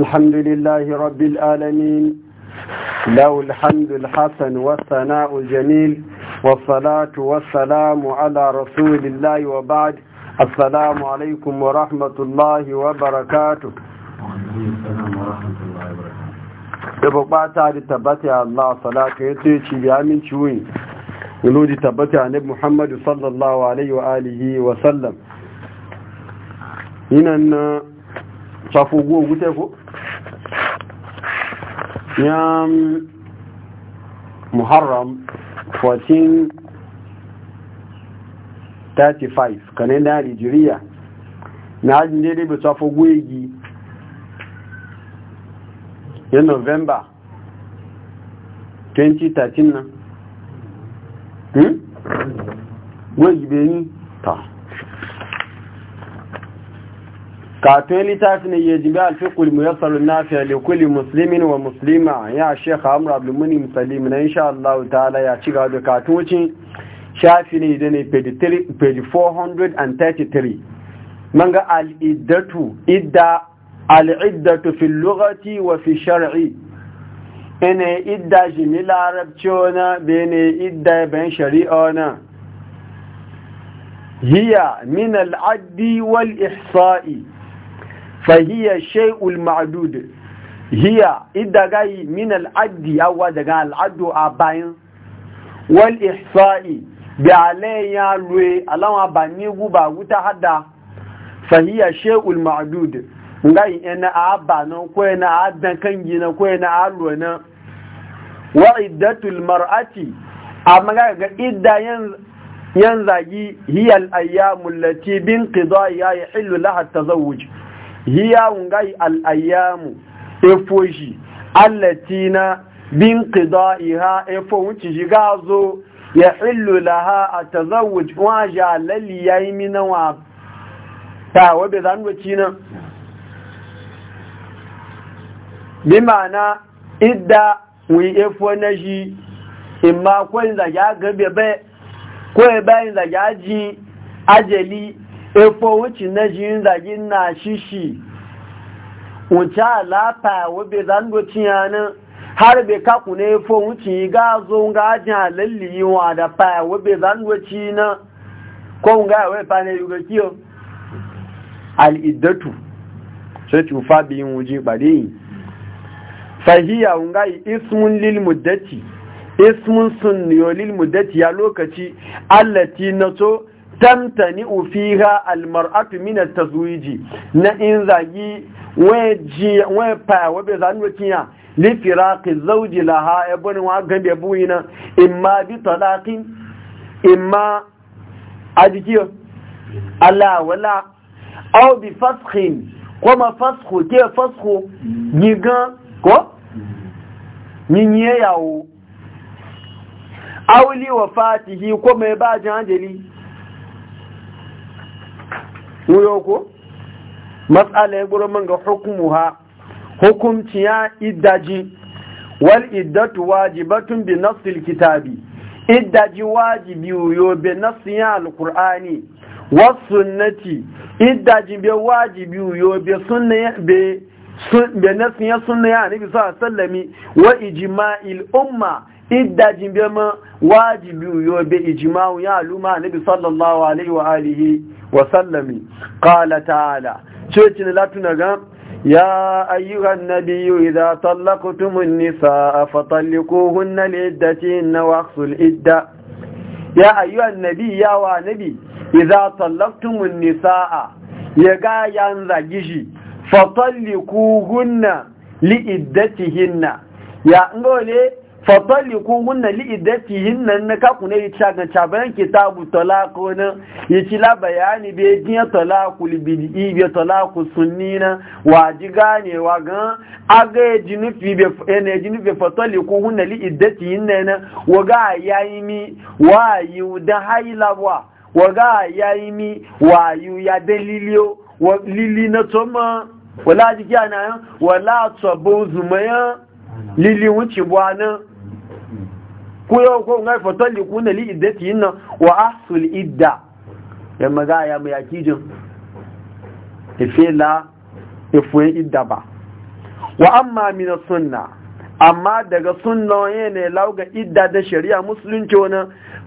الحمد لله رب العالمين له الحمد الحسن والثناء الجميل والصلاة والسلام على رسول الله وبعد السلام عليكم ورحمة الله وبركاته da bukata da tabbata ya Allah salatu ya ce ci ya min ciwin wuludi tabbata ne Muhammadu sallallahu alaihi wa wa sallam safu ko ya muharram 1435 kanenda nigeria na ajin ne da bisa fi gwegi ya november 2013 na nan hmm? gwegi benin ta katon littafi ne ya jibi alfikul muyassar nafiya da kulli musulmin wa musulma ya shekha amur abdulmuni musalim na insha Allah ta'ala ya ci gaba da katocin shafi ne da ne page 433 man ga al'iddatu idda al'iddatu fi lugati wa fi shar'i ina idda jimi larabci ona bene idda ban shari'a na. hiya min al'addi wal ihsa'i fahiya shay'ul ma'dud hiya idagai min al'addi awa daga al'adu a bayan wal ihsa'i bi alayya lwe alawa ba ni guba wuta hada fahiya shay'ul ma'dud ngai ina aba nan ko ina adan kan gina ko ina alwa na wa iddatul mar'ati amma ga idda yan yan zagi hiya al ayyamu allati bin qida ya yahillu laha tazawwuj hiya ngai al'ayyamu efoji allatina bin qida'iha efo wuce shiga zo ya hillu laha a tazawuj wa jalali ya yi mina wa ta wabe zanwaci nan bi ma'ana idda wi efo na shi imma kwan zagi agabe bai kawai bayan zagi ajali efo wuce na jin zagin na shishi wuce alafa wabe zangoci yanin har bai kaku na fo wuce ga zo ga ajin lalli wa da fa wabe zangoci na kwan ga yawai fa na yi ga kiyo al'iddatu sai tufa biyun wuji bare yi fahiya nga ismun lil muddati ismun sunniyo lil muddati ya lokaci allati na so tamtani ufiha almar'atu min at-tazwiji na in zagi weji we pa we be zan wakiya li firaqi zawji laha e ibn wa gambe buyina imma bi talaqin imma ajikiyo ala wala aw bi fasxin kuma fasxu ke fasxu giga ko nyinye yawo aw li wafatihi me ba janjali wuyo ko matsala ya gura man ga ha hukumci ya iddaji wal iddatu wajibatun bi nassil kitabi iddaji wajibi wuyo bi nassin alqur'ani wasu sunnati iddaji bi wajibi wuyo bi sunna bi bi nassin sunna ya nabi sallallahu alaihi wa ijma'il umma iddaji bi ma wajibi wuyo bi ijma'u ya luma nabi sallallahu alaihi wa alihi wasallami ƙala ta'ala cikin latin ga ya ayyuhan nabiyu idza tallaqtumun nisaa fa talliquhunna liddatihinna wa aqsul idda ya ayyuhan nabiy ya wa nabi idza tallaqtumun nisaa ya ga yan zagishi fa talliquhunna liddatihinna ya ngole fatali ko hunna li idati hinnan na ka kunai ta ga caban kitabu talaqo na yaci la bayani be diya talaqul bid'i be talaqu sunnina wa ji ganewa ga aga jinufi be ene jinufi fatali ko hunna li idati na wa ga yayimi wa yuda hailawa wa ga yayimi wa yu ya dalilio wa lili na toma wala ji gana wala tsobo zumaya lili wuce bwana ko yau ko ngai fatalli kuna li iddati yinna wa ahsul idda ya maza ya mu yakijin ifela e ifuyin e idda ba wa amma min sunna amma daga sunna ne lauga idda da shari'a musulunci wani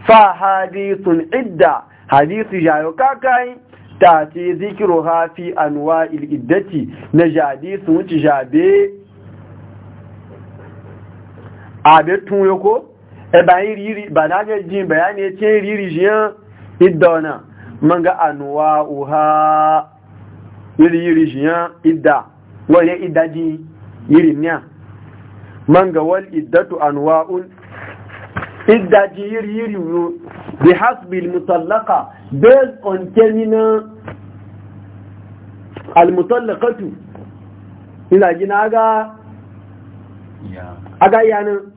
fa hadithun idda hadithu jayo kakai ta ce zikiru hafi anwa iddati na jadi sun wuce jabe abe tun yako E bayan riri ba na ga jin bayani ya ce riri jiyan idda wana man ga anuwa uha yiri yiri jiyan idda wani idda ji yiri niya man ga wal iddatu un? idda ji yiri yiri wu bi hasbil mutallaka based on terminal al mutallaqatu ina gina aga aga yanin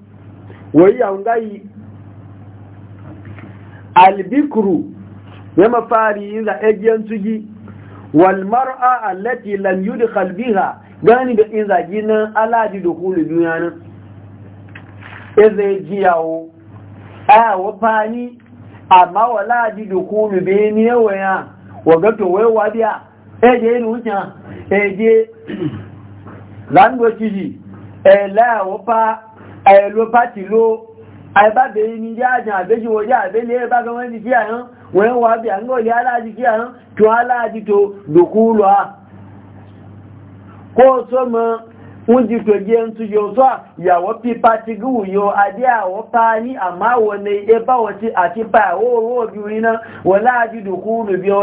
wayya ngai albikru ya mafari yin za ajiyar tugi wal mar'a alati lam yudkhal biha gani da in zagi nan alaji dukulu duniya nan eze jiyawo a wafani amma wala ji dukulu be ni waya waga to wai wadiya eje ni wuta eje zan do ciji e la wafa ẹ̀lò pàtì ló àìbábẹ̀ ní jẹ́ àjàn àbẹ́jì wọlé àbẹ́lẹ̀ bá gọmọ́ ní kí àyán wọ́n ń wà bí àńgọ̀lẹ̀ aláàjí kí àyán tó aláàjí tó dòkú lọ à kó tó mọ́ ń jí tó jẹ́ ń tú yóò tó ìyàwó pípa ti gúwù yóò adé àwọ̀ pa ní àmáwọ̀ ní ẹbáwọ̀ e ti àti pa àwọ̀ òwò òbí orin náà wọ́n láàjí dòkú lò bí ọ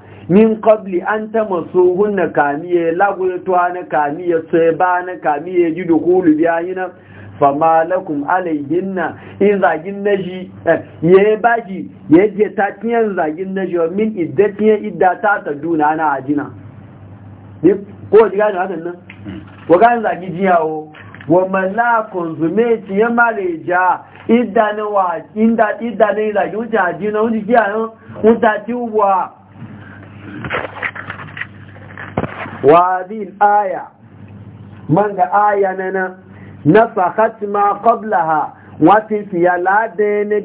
min qabli an tamassuhunna kamiye lagwetwa na kamiye tseba na kamiye ji dukulu biyayina fama lakum alayhinna in zagin yi eh, ye baji ye je ta tiyan zagin shi min iddatiyan iddata ta ta duna na ajina ko ji gani hakan nan ko gani zagi jiyawo wa malakun zumeti ya mareja idda na wa inda idda na zagi wuce ajina wuce kiyayen wuta ciwa wa hadhihi aya man ga aya nana nasakhat ma qablaha wa tifiya la de ne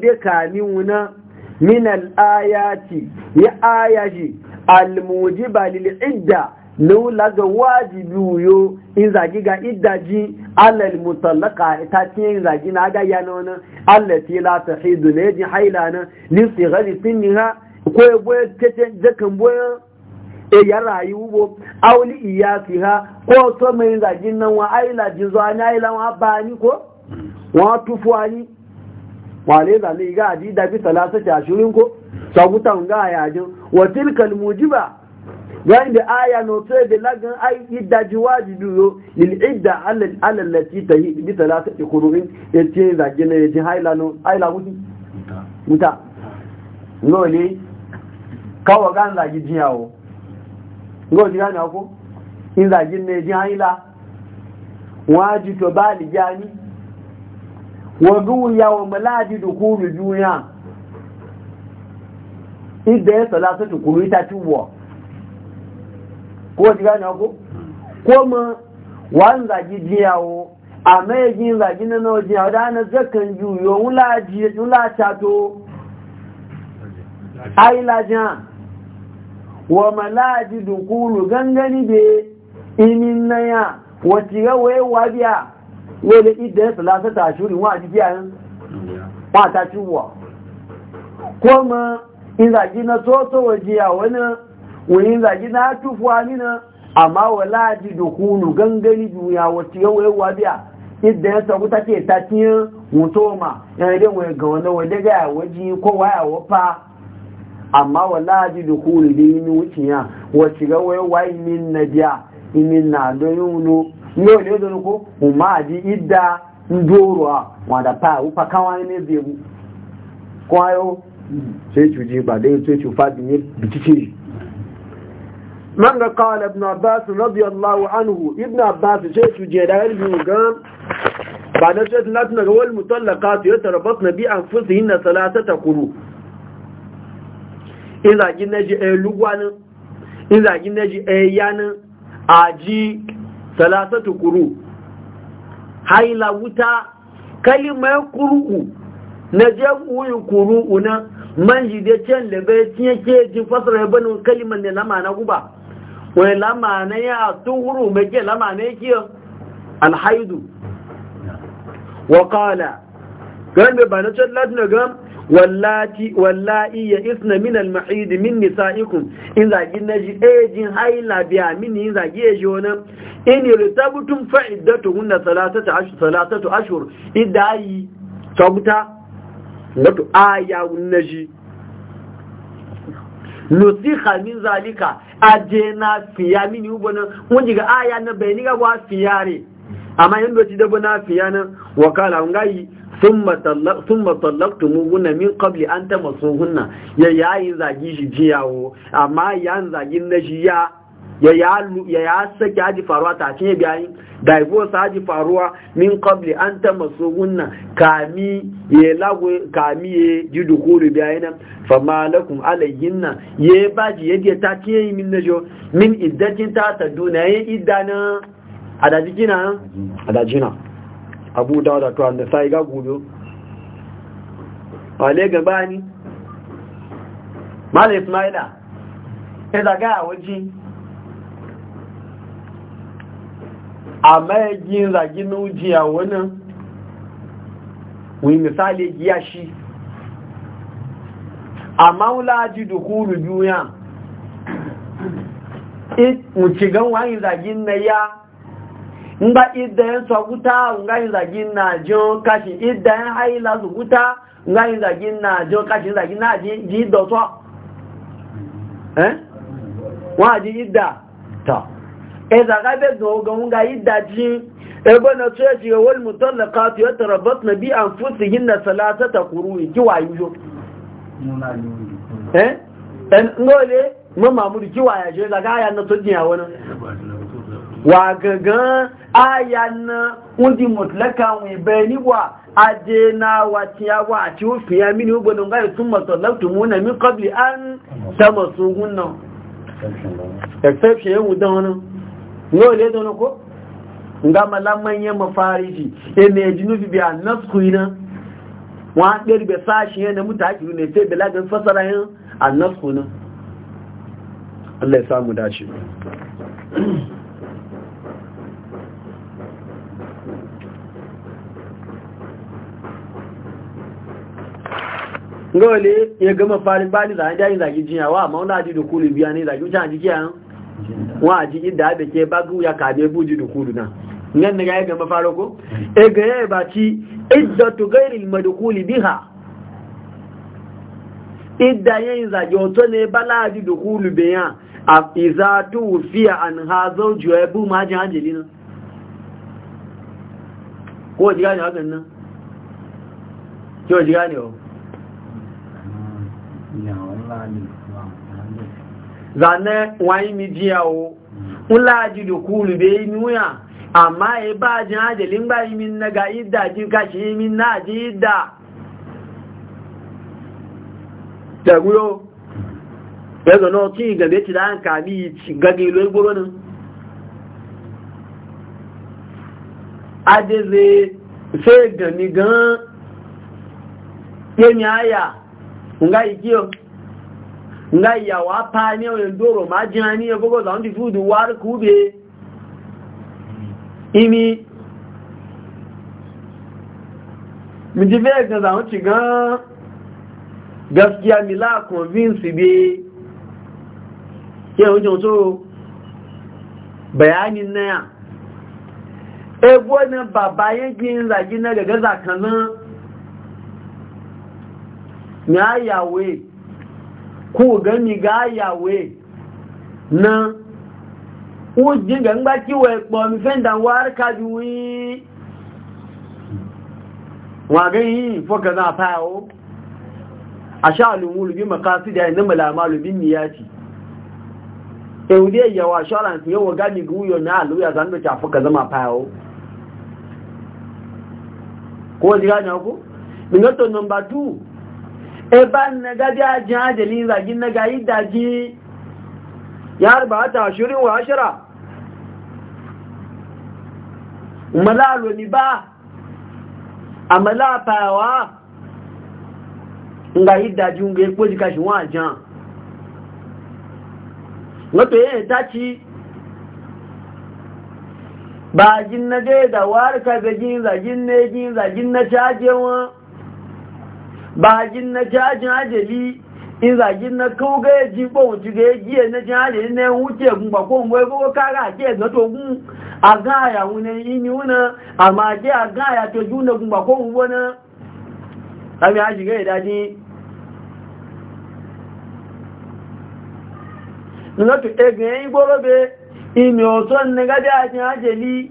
min al-ayati ya ayaji al-mujiba lil-idda nu la ga wajibi yo in zagi ga iddaji alal mutallaqa ita ti in zagi na ga yana wana allati la tahidu ne ji li sighari sinniha ko ya boye kacen jakan boye e ya rayu bo auli iya fi ha ko to mai zagin nan wa aila jizo an aila wa bani ko wa tufu ani wale za ne ga adi da bi salasa ta shurin ko sabutan ga ya jin wa tilkal mujiba ga inda aya no sai da lagan ai idda jiwaji duro lil idda alal allati ta yi bi salasa quru'in e yace zagin ne ji e haila no aila wuti muta no ne kawo ga zagi jiyawo ngo ji gane ko in zagin ne ji haila waji to bali jani wa duya wa malaji dukulu duniya idda ya salasa tukuru ita tubuwa ko ji gane ko ko mu wan zagi jiyawo a mai jin zagi na nawa jiyawo da na zakan juyo wula ji wula tato haila jan wa malaji dukulu gangani be inin na ya wacce ga waye wabiya wani idan salasa ta shuri wa a wa ta ciwa kuma in na soso waje a wani wani na tufuwa nina amma walaji dukulu gangani duniya wacce ga waye wabiya idan ya sauku take ta mutoma yana wani ga wadda ga waje kowa ya wafa amma wala ji dukul dini wukiya wace ga wai wai min na biya imin na don yi wuno ne wani yadda ma a ji idda ndoruwa wanda fa wufa kawa ne ne zebu kwayo sai cuji ba dai sai cufa bi ne bitike man ga kawala ibn abbas radiyallahu anhu ibn abbas sai cuji da yadda yi gan ba da sai tilatina ga wal mutallaka tuyotarabas na bi an fusi yin na salata ta kuru in zagi na ji ɗaya e lugwanin in na ji ɗaya e yanin a ji salasatu kuru haila wuta kalimar kuru'u na je wuyin kuru'u na man da can da bai cinye ke ji fasara ya bani kalimar da lama na guba wani lama na ya tuhuru mai ke lama na yake alhaidu wa gan bai ba na can latin gam wallati wallahi ya isna min al-mahid min nisaikum in zagi naji ejin eh, haila biya min in zagi eji wannan in irtabtum fa hunna thalathatu ashhur thalathatu ashhur idai tabuta wato aya naji nusikha min zalika ajena fiya min ubona wunji ga aya na bayani ga wa fiyare amma yanda ci dabo na fiya nan wakala ngai sun matsalaktu muguna min kabli an ta maso hunna ya yayi zagi shi jiyawo amma yan zagin na shi ya ya sake haji faruwa ta cinye biyayi divorce haji faruwa min kabli an ta maso hunna kami ya lagwe kami ya ji dukuru biyayi nan fama alayyin nan ya baji yadda ta cinye yi min na min iddacin ta ta duna ya idda na adajina adajina abu dawuda to an sai ga gudu wale gaba ni mala ismaila sai daga a waje a mayagin wuji a wani wani misali giya shi a maulaji dukuru duniya in mu ci gan wani zagin na ya ngba idan sokuta guta zagin na jo kashi idan haila sokuta guta zagin na jo kashi zagin na ji ji do so eh wa ji idda ta e za ga be do ga idda ji e na ji wal mutallaqat yatarabbatna bi na salasata quru ki wa yujo eh en ngole mama mu ki wa na ji wa gangan aya na wundi mutlaka wi bayani wa na wa tiyawa a ci ofi ya mini ugbo don gari sun matsalautu muna min kabli an sama su gunna exception yawon don wani yau le don ko nga malaman yin mafariji ene ya jinu e bi a nasku ina wa ɗari bai sashi yana mutaki ne sai belagan fasara yin a nasku na Allah ya samu dace ngole ya gama farin bani da hanja yin zagi jinya wa amma wani da kulu biya ne zagi wuce hanji kiyan wa ji inda da ke bagu ya kabe buji da kulu na nan na ya gama faro ko e ga ya ba ci iddatu ghairil madkhuli biha idda yin zagi oto ne bala da kulu biya a tu fiya an hazo juwebu ma jin hanjeli na ko jiga ne hakan na? ko jiga ne o zane wani mijiyawo ulaji da kulu bai nuya amma yi ba jin ajalin ba yi min na ga idda jin kashi yi min na ji idda taguro ya zano tun igabe ti da an kami gaga ilo igboro nan adeze sai gani gan yemi aya nga ikio nga ya wa pa ni o ndoro ma jina gogo za ndi food war ku imi mi di be ga za unti gan gaskiya mi la convince be ke o jo so na ya egwo na baba yin gin zagi na gaga na. na yawe ko gani gayawe na ujin ga ngba ki we po mi fe ndan war ka juwi wa ga yi fo ga na fa o ashalu mulu bi maqasida inna malamalu bin niyati e udi e ya wa ashalan ki yo ga mi guyo na alu ya zan do cha fo ga zama fa o ko ji ga na ko mi ngato number 2 ẹba na gaji ajin ajalin ní na gayi daji ya harba ta wa ashira malalo ni ba a malafawa ngayi daji nga ikpo jika shi wọn ajan wato yin daci ba jin na gaida warka da jin wọn bagin na jajin ajali in na kawga ya ji ko wuce ga ya na jin ajali na wuce gun ba ko ngwai ko kaga ake na to gun a gaya wune wuna amma a na kami ga e na egwu imi otu nne ajin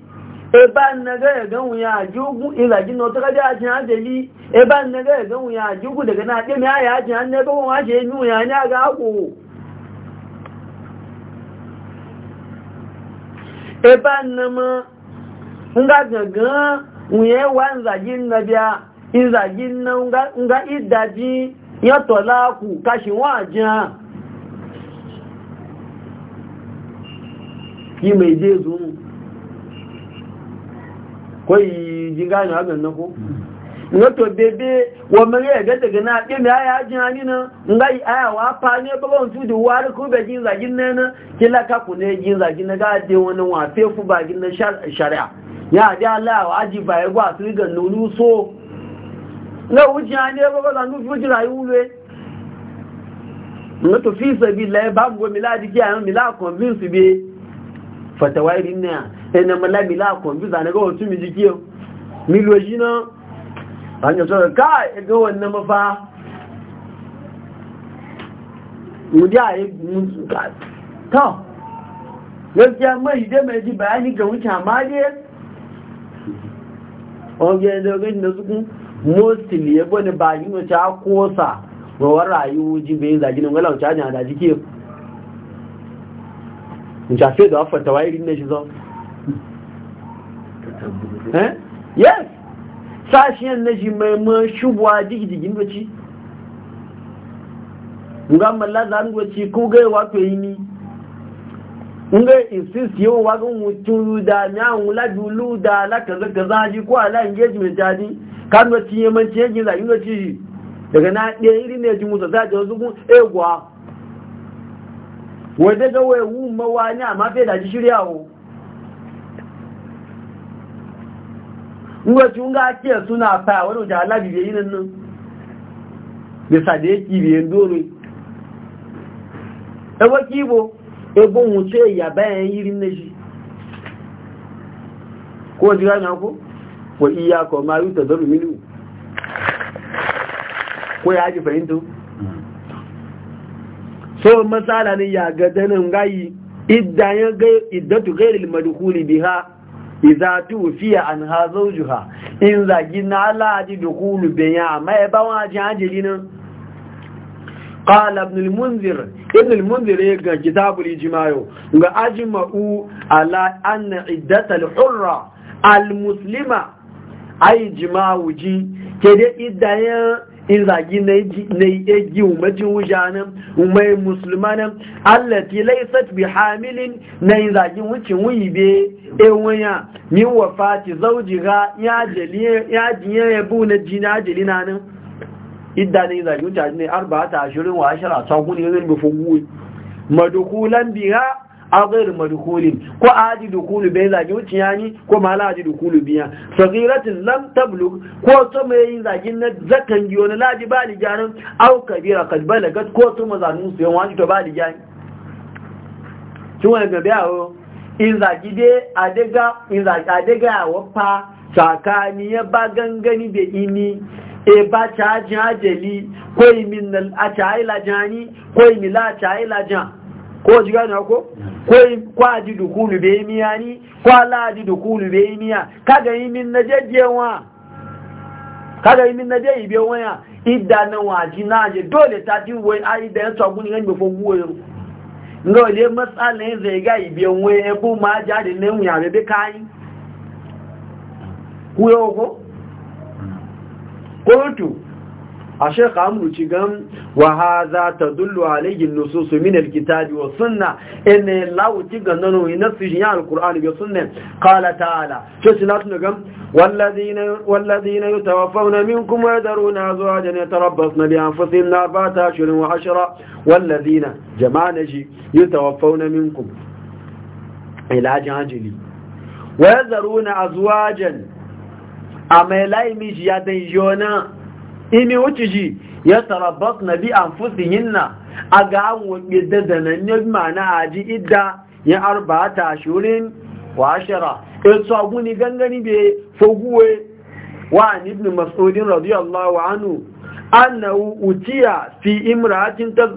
eba nnaga e ya gan wuya jugu ilaji no to kaje ajin ajeli eba nnaga ya gan wuya jugu na de mi aya ajin an ya ga eba nnama nga gaga wuye wa nzaji nnabia nzaji nna nga nga idaji ya kashi wa ajin koyi jingani hagan na ko na to bebe wa mare ya gada gana ɗin da ya ji hani na nga yi aya wa fa ne ba ba tu da wari ko ba jin zagin na na kila ka ku ne jin zagin na ga de wani wa fe ba gin na shari'a ya da Allah wa aji ba ya gwa su ga nulu so na wuce hani ba ba zan nufi jira yi wule na to fi sabi la ba mu go miladi ki ayan mila convince be fatawa irin na ẹnà mọ́lámìlá kọ̀m̀pútà ní kọ́wọ́ tún mi jí kí o mílò ṣíná àwọn sọ̀rọ̀ káà ẹgbẹ́ wọn ní mọ́fá múdí àyè tọ́ gaskiya mai dai mai ji bayani ga wuce amaliye ọgbẹ́ ẹ̀dọ́gbẹ́ da sukun mostly ya bane bayan wace a kosa rawar rayuwa ji bayan zaginin wala wuce ajiyar da jike in shafe da wafanta wa irin na shi Eh? yes sashen na shi mai ma shubuwa digidigi noci nga malla za ngo ko ga wa to yini nga insist yo wa ga da nya wula dulu da la ko ala engagement kan man ji daga na ne ji egwa daga wai wu mawani amma fe da ji shiryawo wace wunga ake suna fa wani wajen alabi bai yi nan nan bisa da yake bai dole ẹwọ́ kí ibo ebo wuce ya bayan yiri na shi ko jira na ku wa iya ko ma yi ta tazaru minu ko ya ji fahimtu so matsala ne ya ga danin gayi idan ya ga iddatu gairil madhuli biha iza tu fiye an ha zoju ha in zagi na aladi da kulu benya mai bawon ajin ajiyali nan ƙala abinul munzir ya ga kitabul ijimayo ga ajin ma'u ala anna iddatal hurra al-muslima ai jima'u ke izagi na yi egi umajin wujanen umar musulmanin allati laisat bi hamilin na izagi wucin wuyi be ewunya ni wafati zaujiga ya jiye ya bu na jina ajali na nan idda na izagi wucin ne arba ta ashirin wa ashirin a tsakuni yanzu bufin guwi madukulan biya aghir madkhulin ko aji dukulu bai zagi wuciya ni ko mala aji dukulu biya sagiratin lam tablug ko to mai yin zagi na zakan giyo na laji bali jarin aw kabira kad balagat ko to mazanu su yan wani to bali jani kin wani a awo in zagi dai adega in zagi adega wafa tsakani ya ba gangani da ini e ba ta jajali ko min al achaila jani ko min la achaila jani ko ji gane ko kwai kwaji dukulu be miya ni kwala ji dukulu be miya kaga yi min na jejjewa kaga yi min na jeyi be waya idda na waji na je dole ta ti wai ai da yanzu agun ngani be fo wuwe nga ole masala ne zai ga ibe nwe ebu ma jade ne wuya be be kai kuyo ko ko tu الشيخ عمرو تشغم وهذا تدل عليه النصوص من الكتاب والسنة إن الله أنه ينفج يعني القرآن والسنة قال تعالى شسلاتنا قم والذين, والذين يتوفون منكم ويذرون أزواجا يتربصن بأنفسهم أربعة أشهر وعشرة والذين جمانجي يتوفون منكم إلى جانجلي ويذرون أزواجا أما لا يمشي يدين imi wuce shi ya tarabbas na bi an yinna a ga an wuɗe da zanannen mana a ji idda ya arba'ata shirin wa ashara in e, sabu ni gangani bai foguwe wa an mas'udin radiyallahu anhu annahu utiya fi imra'atin ta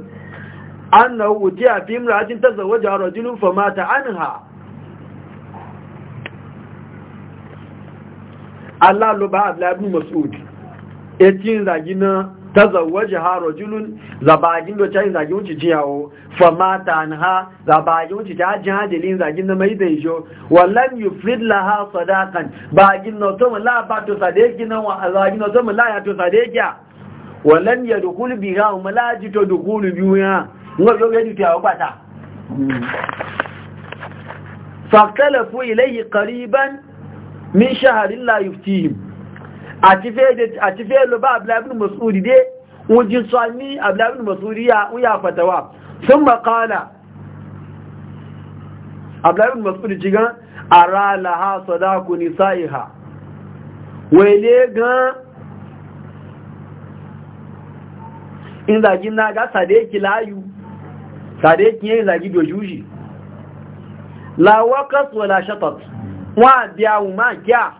annahu utiya fi imra'atin tazawwaja rajulun famata anha Allah lo ba Abdullah ibn Mas'ud etin zagi na tazawwaji ha rajulun zabagin da cin zagi wuce jiyawo fa mata ha zabagin wuce ta jin hadilin zagin na mai dai jo wallan yufrid laha sadaqan bagin na to la ba to sadaqi na wa zagin na to la ya to ya wallan yadkhul biha wa la ji to dukhul biha ngo yo ga dukiya wa bata fa kalafu ilayhi qariban min shahrin la yuftihim àti fẹ́ lọ bá abúlábìn masudi dé wọ́n jí sọ ní abúlábìn masudi ya fatawa sun makala abúlábìn masudi ci gan ara laha sadaku nisa'iha wele gan inzagin naga na ga sadeki layu sadeki yin zagi dojuji la wakas wala shatat wa biya ma kya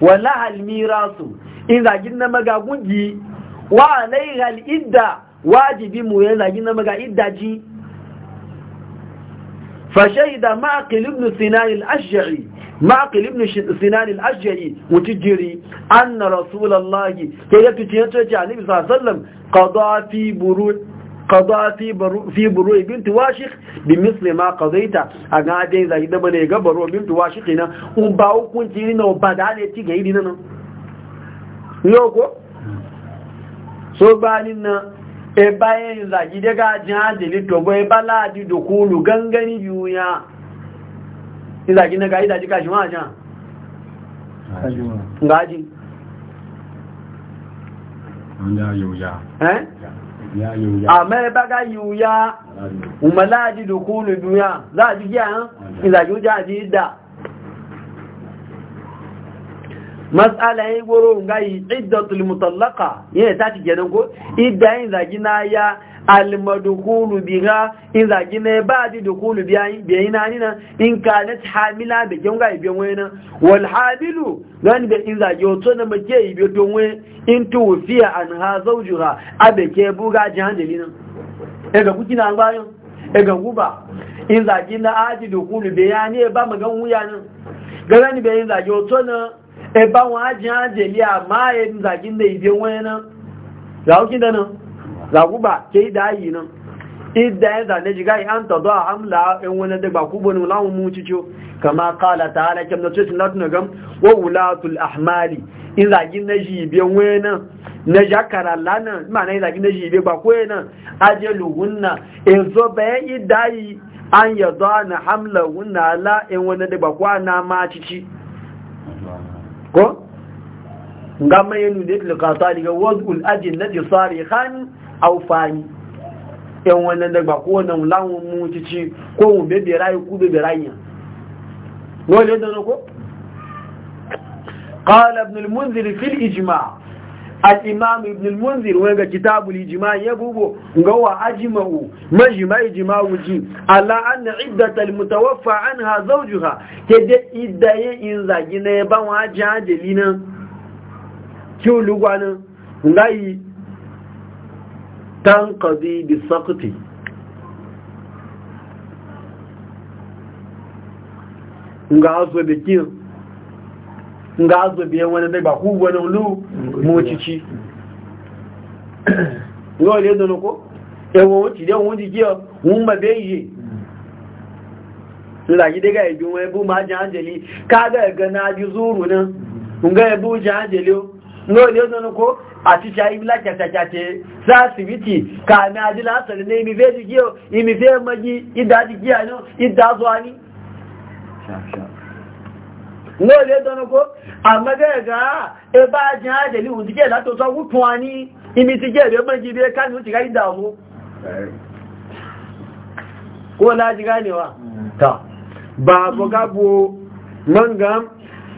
wa lahal mirasu in zagin na magagungi wa laihal idda wajibi mu ya zagin na magagida ji fashe da maƙilibnu sinanil ashari maƙilibnu sinanil ashari wuti jiri an na rasulallah ke yi tuti ya tuti a nufisar sallam ƙadu a fi buru qada fi baru fi buru ma qadaita a ga dai zai da bane ga baro bint washiq na un ba hukunci na e bayan zagi daga jihar da lito bai e baladi da kulu gangani juya ìlàjí náà gáyí ìlàjí káṣí wọ́n àjá ǹgájí àmẹ́rẹ́ bá ká yíò yá ọmọ za lòkú olùdúnyà láàájí jẹ́ àán ìlàjú jáàjí ìdà masala yi goro ngayi iddatul mutallaka yana ta ci ko idda yin zagi na ya almadukulu biha inza zagi na ba ji dukulu biyayi na nina in kanat hamila da gyanga ibiyan wani nan wal hamilu gani da in zagi wato na make ibiyo don wani in tuwufiya an ha zaujuha a da ke buga ji hanjali nan ega kuki na bayan ega guba inza zagi na aji dukulu biyani ba magan wuya nan gani da in zagi wato na eba wani aji hanjali amma in zagi na ibiyan wani nan za ku kin da nan zaguba ke da yi nan idda ya zane jiga yi an tazo a hamla in wani da ba kubo ne lamun mu ciyo kama kala ta ala kyam na cikin latin gam wa wulatul ahmali in zagi na jibe wani na jakara lana ma na zagi na jibe ba ko yana ajalu hunna in zo bayan idda yi an yado na hamla hunna ala in wani da ba kwana ma cici ko ga mai yanu da ya tilaka ta daga wasu ul'ajin na jisari hannu aufani yan wannan da ba kowane lawon mutici ko mu bebera yi ku bebera yi wani yadda na ko? ƙala ibn al-munzir fil ijima al-imam ibn al-munzir wani ga kitabul ijima ya bubo ga wa ajima'u majima ijima wuji ala an na iddata mutawaffa an ha zauju ha ke de idda ya in zagi na ya ban wa ajiyar jeli nan kiwu lugwanin ga tanqadi bi saqti nga azo be nga azo be wani da ba ku wani lu mu cici yo le do ko e wo ti de won di je won ma be yi la yi de ga e ju bu ma jan jeli ka ga ga na ju zuru na, nga e bu jan jeli o ngo le do ko àti ṣàìbílá kẹtẹkẹtẹ sáàsìbìtì kàmì àdílásọ̀rọ̀ ní ìmìfẹ́ ti kí o ìmìfẹ́ mọ́jí ìdájí kí àánú ìdázọ́ àní lóò lè dánakó àmọ́gẹ́gà ẹbá jẹ́ àjẹ̀lú ìdíjẹ́ ti jẹ́ ìrẹ́ mọ́jí bí kánú ti ká ìdàmú kó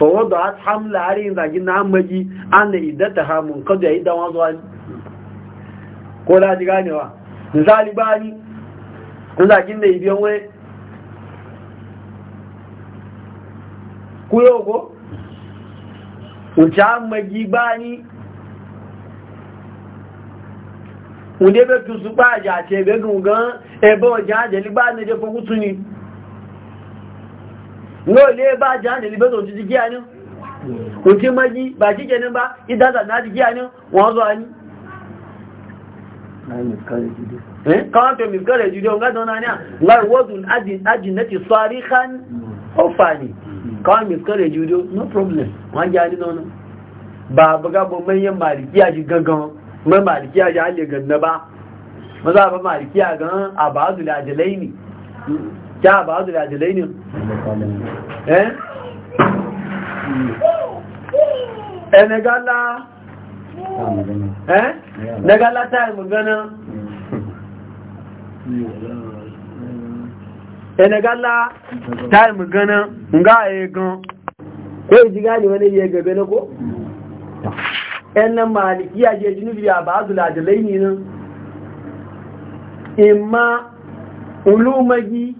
fawadu a hamla har yin na na idata hamun kada ya yi dama zuwa ne ko da ji ganewa na ba ni kun zagin da ibiyan wani kuyo ko wuce hamaji ba ni wunde ebe tusu pa ajace bẹ gungan ọjà ní ni yóò lé bá jẹ́ àjẹ́ libẹ́ ti gíà ní kò tí mọ́ yí bà jíjẹ ní bá ìdáta náà ti gíà wọ́n sọ ní káwọn tó jùdí ọ̀gá náà ní àgbàrúwọ́dùn ajínẹ́tì sọ́rí kán ọfà ní káwọn jùdí no problem ba bugabo manyan malikiya malikiya ba maza ba malikiya gan ja ba da adilai eh enegala eh negala eh? ta magana enegala eh, ta magana nga egan ko ji gani wani ya gabe na ko ɗan malikiya je jinubi a ba da adilai ne nan imma ulumagi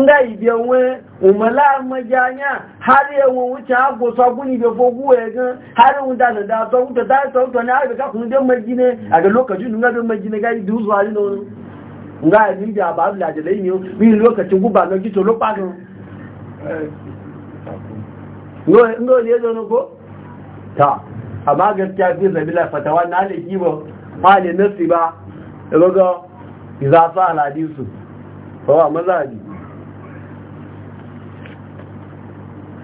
nga ibi onwe umala amaja anya hari enwe wuce agwo so agun ibi fogu egan hari un da da to a da to to na abi kun de majine a ga lokacin nga de majine ga idu zuwa a no nga ni ja ba abla de leyin yo mi lokacin guba no gito lo le no ko ta amma gaskiya fi zabila fatawa na le kibo ma nasiba hadisu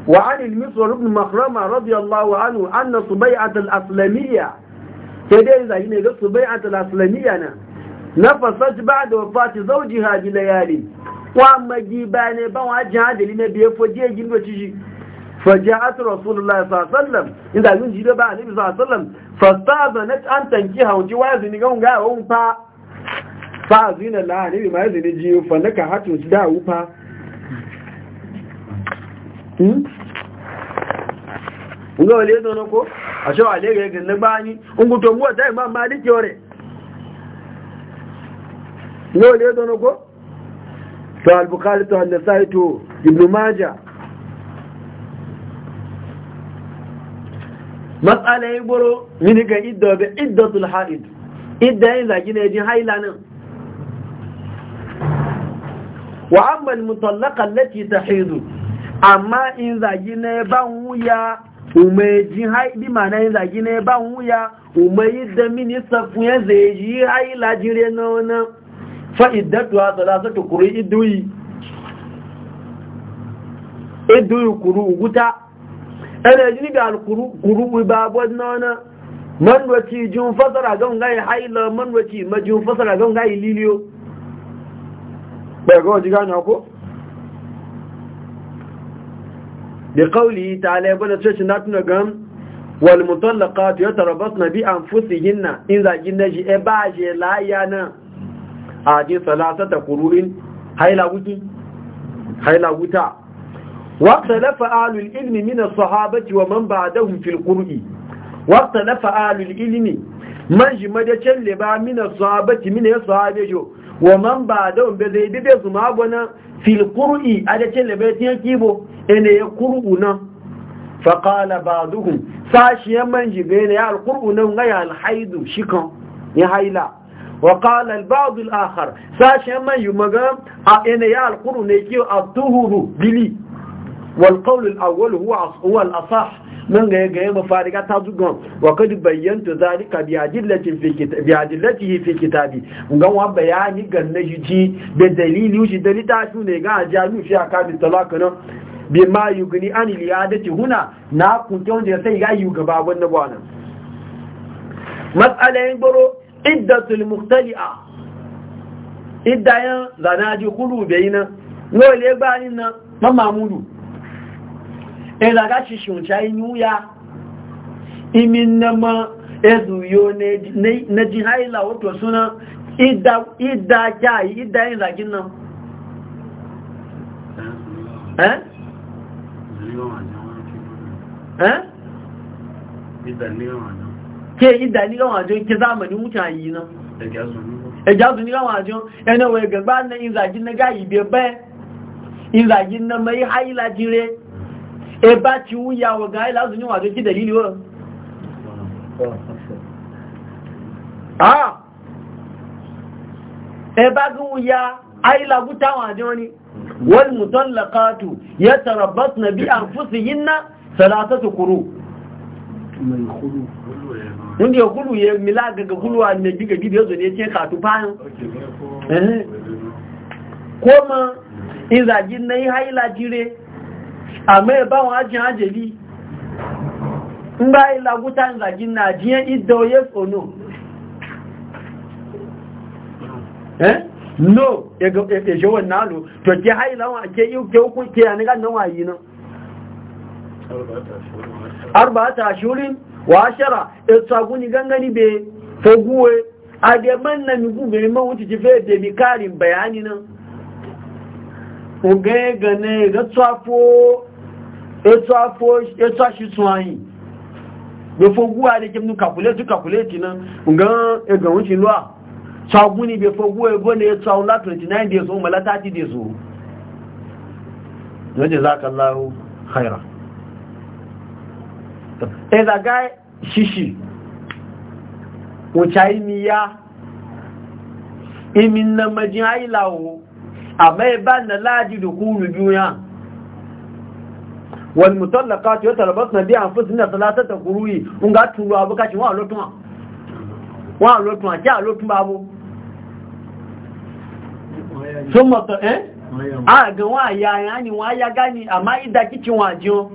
وعن المسور بن مخرمة رضي الله عنه أن صبيعة الأسلمية كده إذا هنا قلت صبيعة الأسلمية نفست بعد وفاة زوجها بليالي وأما جيباني بوا جهاد لنا بيفوجيه جنب وتجي فجاءت رسول الله صلى الله عليه وسلم إذا يكون جيدا بقى النبي صلى الله عليه وسلم فاستأذنت أن تنكيها وانت وازن يقوم قاعد وانفا فأذن الله النبي ما يزن يجي فنكحت وانت داوفا Hmm? nga wale zo na ko a shi wale ga yakin na bani in guto muwa ta imam maliki ware nga wale zo na ko to al-bukhari to an to ibn majah matsala ya boro mini ga idda ga iddatul haid idda yin zagi ne jin haila nan wa amma al-mutallaqa allati amma in zagi na ba wuya umeji haidi mana in zagi na ba wuya yi da minista kuya zai ji haila jire na wani fa'iddatuwa tsalasa ta kuri iduyi iduyi e kuru guta ɗan ga alkuru na wani manwaci jin fasara gan gai haila manwaci majin fasara gan gai liliyo wajen gani بقوله تعالى يقول تشي ناتنا غام والمطلقات يتربطن بانفسهن ان زاجي نجي اباجي لا يانا هذه ثلاثه قرون هايلا وكي هايلا وتا واختلف آل العلم من الصحابه ومن بعدهم في القرء واختلف آل العلم من جمد لبا من الصحابه من الصحابه ومن بعدهم بزيد بزمابنا filƙur'i a da ce labetiyar kibo ne ya kur'u nan faƙala ba duhun sashiyan man jiga ne ya alƙur'u nan gaya alhaidu shikan ya haila wa ƙala alba'adu al'akar sashiyan man yi maga a ne ya alƙur'u ne kiwo a tuhuru bili wal ƙaunin awwal huwa al'asar nan ga ga yamma fariga ta zugan wa kad bayyantu zalika bi adillati fi kitabi bi kitabi ngan wa bayani ganna jiji da dalili shi dalita su ne ga jami'u fi akabi talaka nan bi ma yugni an liyadati huna na kunta wanda sai ga yu gaba wannan wannan mas'alayin baro iddatul muhtali'a iddayan zanaji khulu bayina no le ba ni na mamamudu ezaga shishincha inyuya iminnama ezuyo na jihaila wato suna idda kyayi idda yin zagin nan eh? eh? ke idda ni gawa ajo ke zamanin mutane yi nan ejazu ni gawa ajo yana wai gaba na in zagin na gayi bebe na jire e ba ci wuya wa ga ila sun yi wato ki dalili wa ah e ba ga wuya ai laguta wa joni wal mutallaqatu na bi an anfusihinna thalathatu quru wanda ya kulu ya mila gaga kuluwa ne giga gidi ya zane ce katu fahin koma izagin na yi haila jire amma ya ba wa ajin ajali in ba yi lagutan zagin na jiyan iddo yes or no eh no ya je wannan alo to ke ha lawan ke ke hukun ke ya nigan nan wayi nan arba'ata shurin wa ashara tsaguni gangani be foguwe a da man na mi gube man wuce ji da mi karin bayani nan ko ga ga ga tsafo ètò àṣìṣun ayin gbẹ̀fogú àríkẹ́mù kàkùlẹ́tù kàkùlẹ́tì náà ǹgan ẹgbẹ̀rún ti lọ́à ṣàgún ní gbẹ̀fogú ẹgbẹ́ ní ètò àwọlá 29 days ohun mẹ́lá 30 days ohun zaka zákàláwó haira ẹ̀zàgá ṣíṣì wùcá imi ya imi na majin àìlàwó àmẹ́ ìbá nà láàájì dùkú rùjú yàn wal mutallaqat yatarabbasna bi anfusihinna thalathata qurui unga turu abuka shi wa lotun wa lotun ja lotun babu summa ta eh a ga wa ya yani wa ya gani amma ida kicin wajo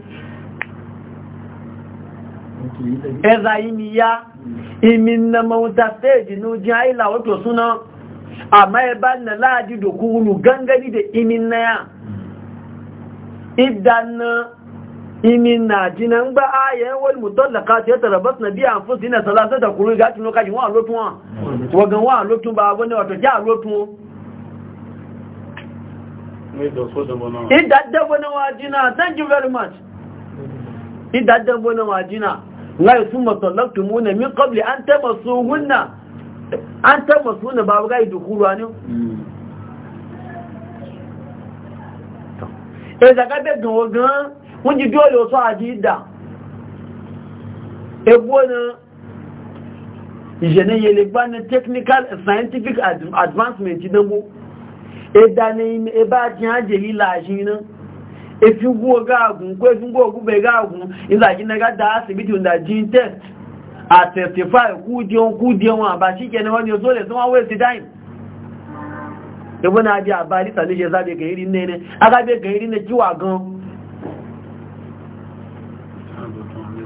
yi ni ya imi na mauta stage ní ojì àìlà wato suna amma ẹba na láàájí dòkú wulu gangani da imi na ya idan na imin na jinan ba a yayin wani mutallaka ta yata rabas na biya amfus yana salasa da kuru ga tuno kashin wa lotun wa wagan wa lotun ba wani wato ki a lotun idaddabo na wajina thank you very much idaddabo na wajina la yusumma sallaktumuna min qabli an tamassuhunna an tamassuhunna ba ga idukuru ne hmm. e zaga be gan wọ́n jí dóòlù ọ̀tọ́ àdídà egbó na ìṣẹ̀lẹ̀ yẹlẹ̀ gbá ní technical scientific advancement dánbó ẹ̀dàní ẹbá jí ájẹ̀ yìí láàájí iná efingú ọgáàgùn kó efingú ọgúbẹ̀ gáàgùn ìlàjí náà gádà ásìbítì ìdàjí test àtẹ̀sẹ̀fà kúdíọun kúdíọun gẹ̀ẹ́rí náà agagbẹ̀ gẹ̀ẹ́rí náà kíwà gan-an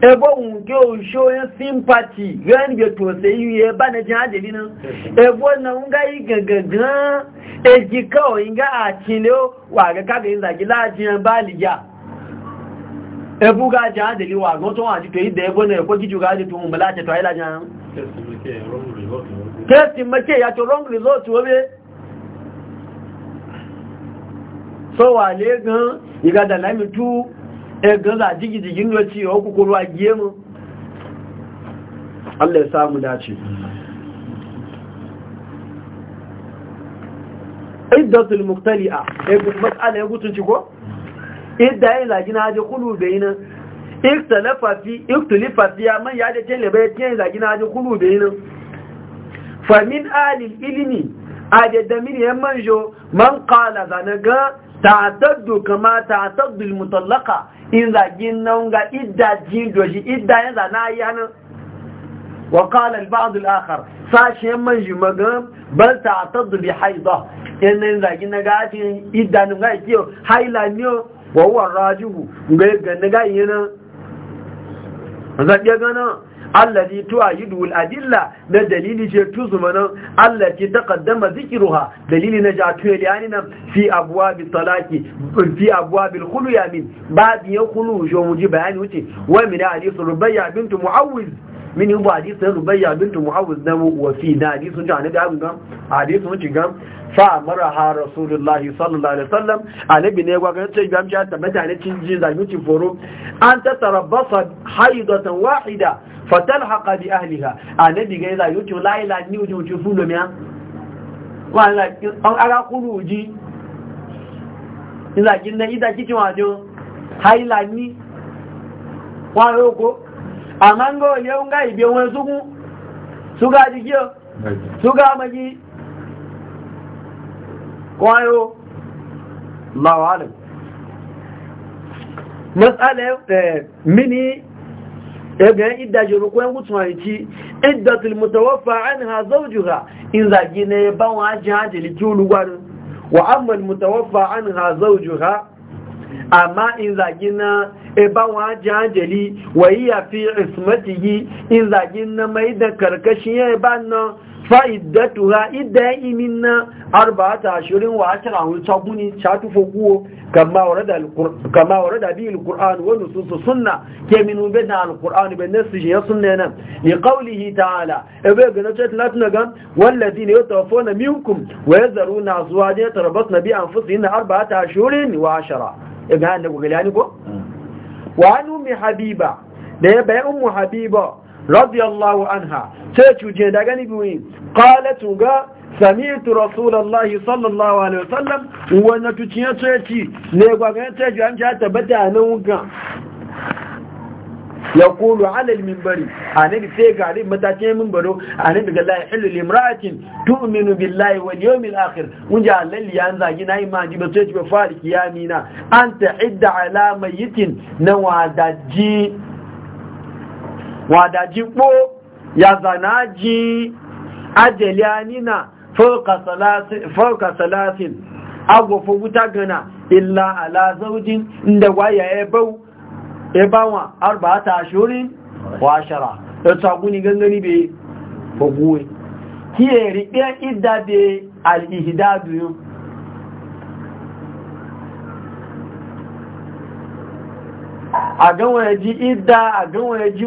ebe nke oshoyin simpati gani ga yi ya ba na jin hajjali nan na nga yi gagagan eji kawai ga a cile wa ga kaga yin zagi lajiyan ba liya ebe ga jin hajjali wa gan to wa yi da ebe na ya kwa ga to mun balace to ayi lajiyan testi make ya to wrong result wobe so wa le gan iga da lamitu ɗaga eh, za jigijigin da cewa kukuru a giye mu allah ya samu dace iddatul muktali'a eh, matsala ya gutunci ko? idda ya zagi na haji kulu bai nan iktulifa fiya man ya da kele bai tiyan zagi na haji kulu bai nan famin alil ilimi a da damir yan manjo man kala zanen zanaga تعتد كما تعتد المطلقة إذا جنونغا إدى جيدوشي إدى يزا نايانا وقال البعض الآخر ساشيما من جمجم بل تعتد بحيضة إن إذا جنونغا إدى نغا إتيو حيلا نيو وهو الراجب نغا إينا نغا إينا allazi tu'ayidu al-adilla da dalili je tuzuma nan allati taqaddama zikruha dalili na jatu yani nan fi abwab talaqi fi abwab al-khulu yamin ba'd ya khulu jo muji bayani wuce wa min hadith rubayya bint muawiz min yubu hadith rubayya bint muawiz da wa fi da hadith sun ta da gam hadith sun ci gam fa maraha rasulullahi sallallahu alaihi wasallam annabi ne gwa ga ce gam ta tabbata ne cin ji zagi ci foro an tatarabasa haidatan wahida fatalhaqa bi ahliha anabi ga yaza yuto la ila ni uju uju fulo miya wala an ara kuru uji ila jinna ida kiti wajo haila ni wa roko amango le unga ibe won suku suga dikio suga maji kwayo lawale, mas'ala mini daga idda jiru ko yanku tsanci iddatul mutawaffa anha zawjuha in zagi ne ban waji hajili kiulu gwaru wa amma al mutawaffa anha zawjuha amma in zagi na e ban waji fi ismatihi in zagi na mai da karkashin ya fa'iddatuha idda iminna arba'ata ashirin wa ashira hun sabuni shatu foguo kama wa rada biyu bi wani sun su suna ke min bai na su shi ya sunna nan li ta ta'ala ebe ga na cikin latin ga walladina na minkum wa yazaruna na yatarabasna bi anfusihin arba'ata ashirin wa ashara ga annabi gilani ko hmm. wa hannu mai habiba da ya bayan ummu habiba رضي الله عنها تيجو جيداغاني بوين قالت غا سمعت رسول الله صلى الله عليه وسلم وانا تيجو تيجي نيغاغاني تيجو امجا تبدا نوغا يقول على المنبر اني سيغا دي متاتين منبرو انا دغ لا يحل لامراه تؤمن بالله واليوم الاخر ونجا لل يانزا جي ناي ما جي بتيجو فارق يامينا انت عد على ميت نوادجي wadaji kpo ya zanaji ajalyanina falka salasin agwafa wuta gana illa ala zaujin inda waya ya bawa arba'ata ashirin wa ashara da e tsaguni gangani bai faguwe kiye riɓe idda bai al'ihidadu a ganwa ya ji idda a ganwa ya ji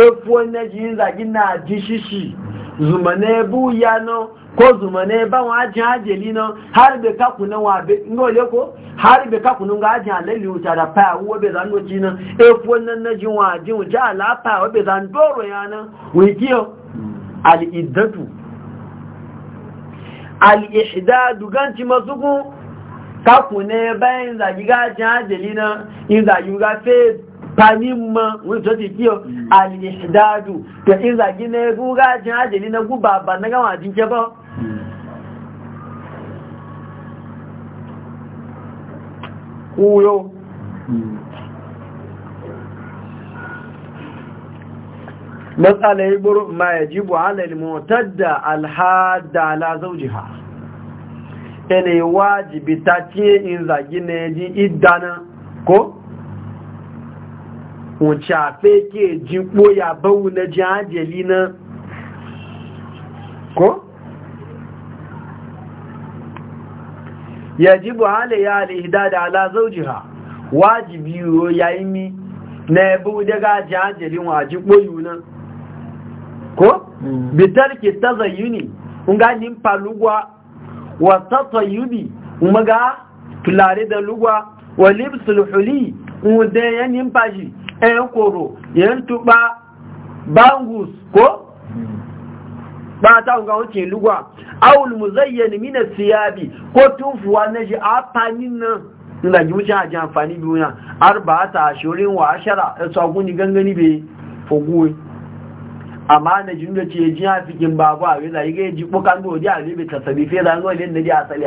efuo na ji nzagi na ji shishi zuma na uya no ko zuma na ebe ajị ajin ajeli no har be kaku na wa be ngo le ko har be nga ajin aleli uta da pa wo be zan na efuo na na ji wa ajin uja ala pa wo be zan ọrụ ya na wi kiyo al iddatu al ihdadu ganci mazugu kaku na ebe nzagi ga ajị ajeli na nzagi ga fee. fanimma wato mm. mm. mm. ta kiyo al-ihdadu to in zagi ne guga jin ajali na guba ba na gama jinke ba kuyo matsala yi buru ma ya jibu halal motar da alhada na zaujiha yanayi wajibi ta ce in zagi na yaji idana ko? wunci a feke jikpo ya bau na jihajeli na ko? yajibu hali ya alihida da ala zaujiha wajibi yo ya yi imi na yabu daga jihajeli wa jikpo yunan ko? Mm. bitarki ta zayuni nga nimpa lugwa wa ta tsayubi umaga tulare da lugwa wa libsul huli ude yan nimfashi yan e koro yan tuba bangus ko ba ta ga lugwa awul muzayyan min siyabi ko tufuwa na ji afanin nan da ji wuce haji amfani biyu na arba'ata ashirin wa ashara tsagun ni gangani be foguwe amma na ji da ce ji hafikin babu a wila yi ga ji bukan dodi a ne tasabi fe da zuwa ne da asali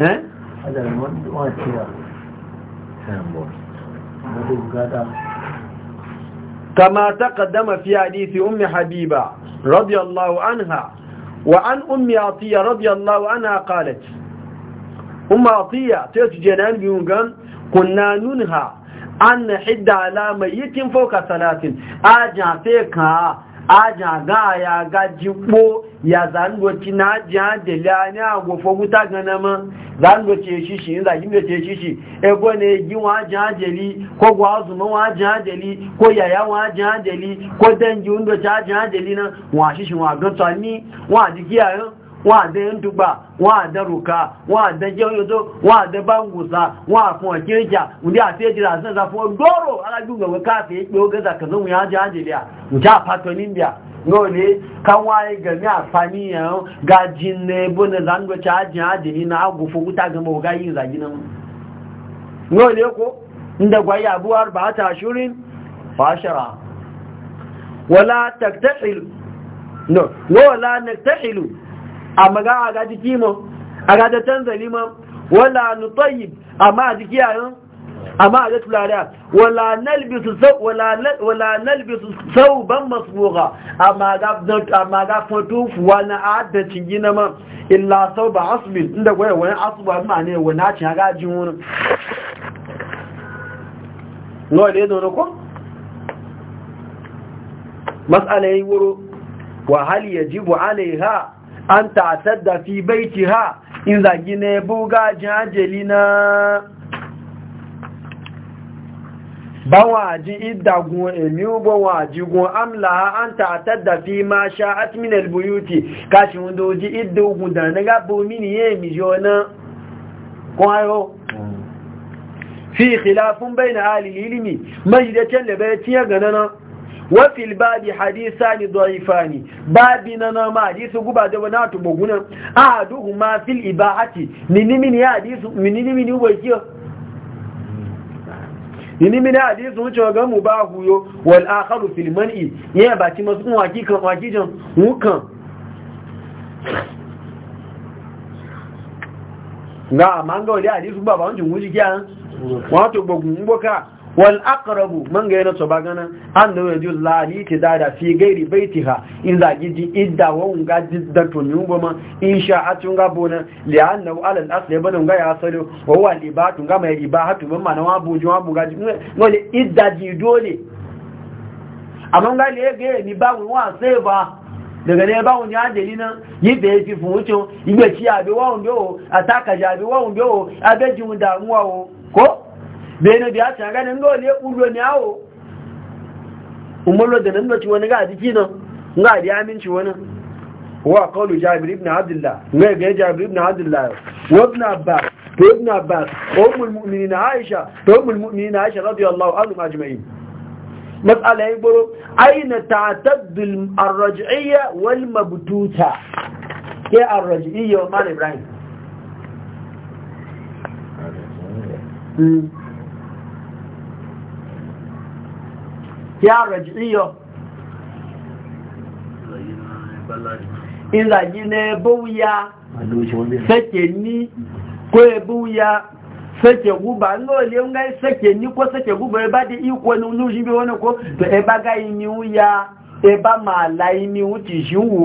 eh كما تقدم في حديث أم حبيبة رضي الله عنها وعن أم عطية رضي الله عنها قالت أم عطية تسجنان بيونغان كنا ننهى أن نحد على ميت فوق ثلاث أجا فيك أجا غايا غاجبو ya zangoci na jiya da lana agwafo wuta gana ma zangoci shi shi inda gimbe ce shi shi ego ne gi wa jiya deli ko gwazuma wa jiya deli ko yaya wa jiya deli ko dangi wanda ta jiya deli na wa shi wa gantsa ni wa jiki yayin wa da yin wa da ruka wa da jẹ́wọ́yọ́dọ́ wa da bangusa wa fún ọ̀kẹ́jà ndí àti a sẹ́sà fún ọgbọ́rọ̀ alágbùgbọ̀wẹ́ káàkiri pé ó gẹ́sà kẹsàn-án wọ́n yá jẹ́ àjẹ́lẹ̀ à ń já pàtó ní india dole kan waye gami a fani ga gajin na ebo na zangoci ajin adini na agufu wuta gama ogayi zagi nan dole ko inda gwayi abuwar ba ta shirin fashara wala wala a a amma a jiki amma a zai lariya wala nalbisu masu masbuga amma ga fatofuwa na adacin gina ma illa sau ba asibin inda gwaya wani asuba amma ne wani acin ya gaji wani nawa da ya zaune kun? matsala yi wuro wa hali ya jibu alaiha an ta da fi baiti ha in zagi ne ya buga jajeli na ba waji iddagun emi ba waji gun amla an ta fi ma sha'at min albuyuti kashi wanda ji iddogun da na gabo mini ye mi jona kwayo fi khilafun bayna ahli ilmi majdatan da bai tiya ganana wa fil babi hadithani dhaifani babi nana ma hadisu guba da wana to boguna ahaduhuma fil ibahati minimini hadisu minimini wajiyo yini mina hadisi sun ga mu ba huyo wal akharu fil man'i ya ba ti masu kun waki kan na manga wali hadisi ba ba wuji wato gbogun wal aqrabu man ga yana soba gana an da yaju lali ti da da fi gairi baitiha in Inza gidi idda wa unga jidda to ni ngoma insha atun ga bona li anna wa al asli ya asali wa huwa libatu ga mai libatu ban mana wa buju wa ji dole daga ne ba yi da igbe ci abi wa o ataka ji abi wa o abeji o ko bene biya ta ganin ga ne ulo ne awo umarlo da nan mace wani ga jiki nan ga da aminci wani wa qawlu jabir ibn abdullah ne ga jabir ibn abdullah wa ibn abbas to ibn abbas ummul mu'minin aisha to ummul mu'minin aisha radiyallahu anhum ajma'in mas'ala yi boro aina ta'taddul ar-raj'iyya wal mabtuta ke ar-raj'iyya wa mal ibrahim hmm. ya rajiyo ìlàjì e e e na ẹbọ́ wuya sẹ́kẹ̀ ní kó ẹbọ́ wuya sẹ́kẹ̀ gúbà lóòlẹ́ ń gáyé sẹ́kẹ̀ ní kó sẹ́kẹ̀ gúbà ẹbá dé ikọ̀ ní olóòṣì bí wọ́n kó ẹbá gáyé ní wuya ẹbá máa láyé ní wọ́n ti ṣí wò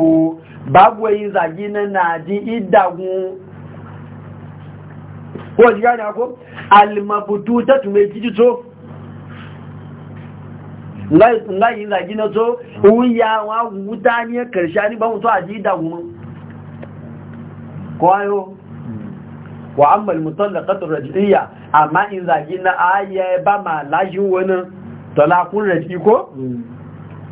bábọ̀ ìlàjì náà di ìdàgún wọ́n ti gáyé ní akó alìmọ̀bùtú tẹ́tùmẹ̀ láyìn ìlàjí na tó òun ya àwọn awúta ní kẹrìṣà nígbàmù tó àjí ìdàgùnmọ́ kọ́ ayó wà á mọ̀lù tó lẹ́kọ́tọ̀ rẹ̀jíríyà àmá ìlàjí náà ma láyí wọnà tọ́lákún rẹ̀jí kó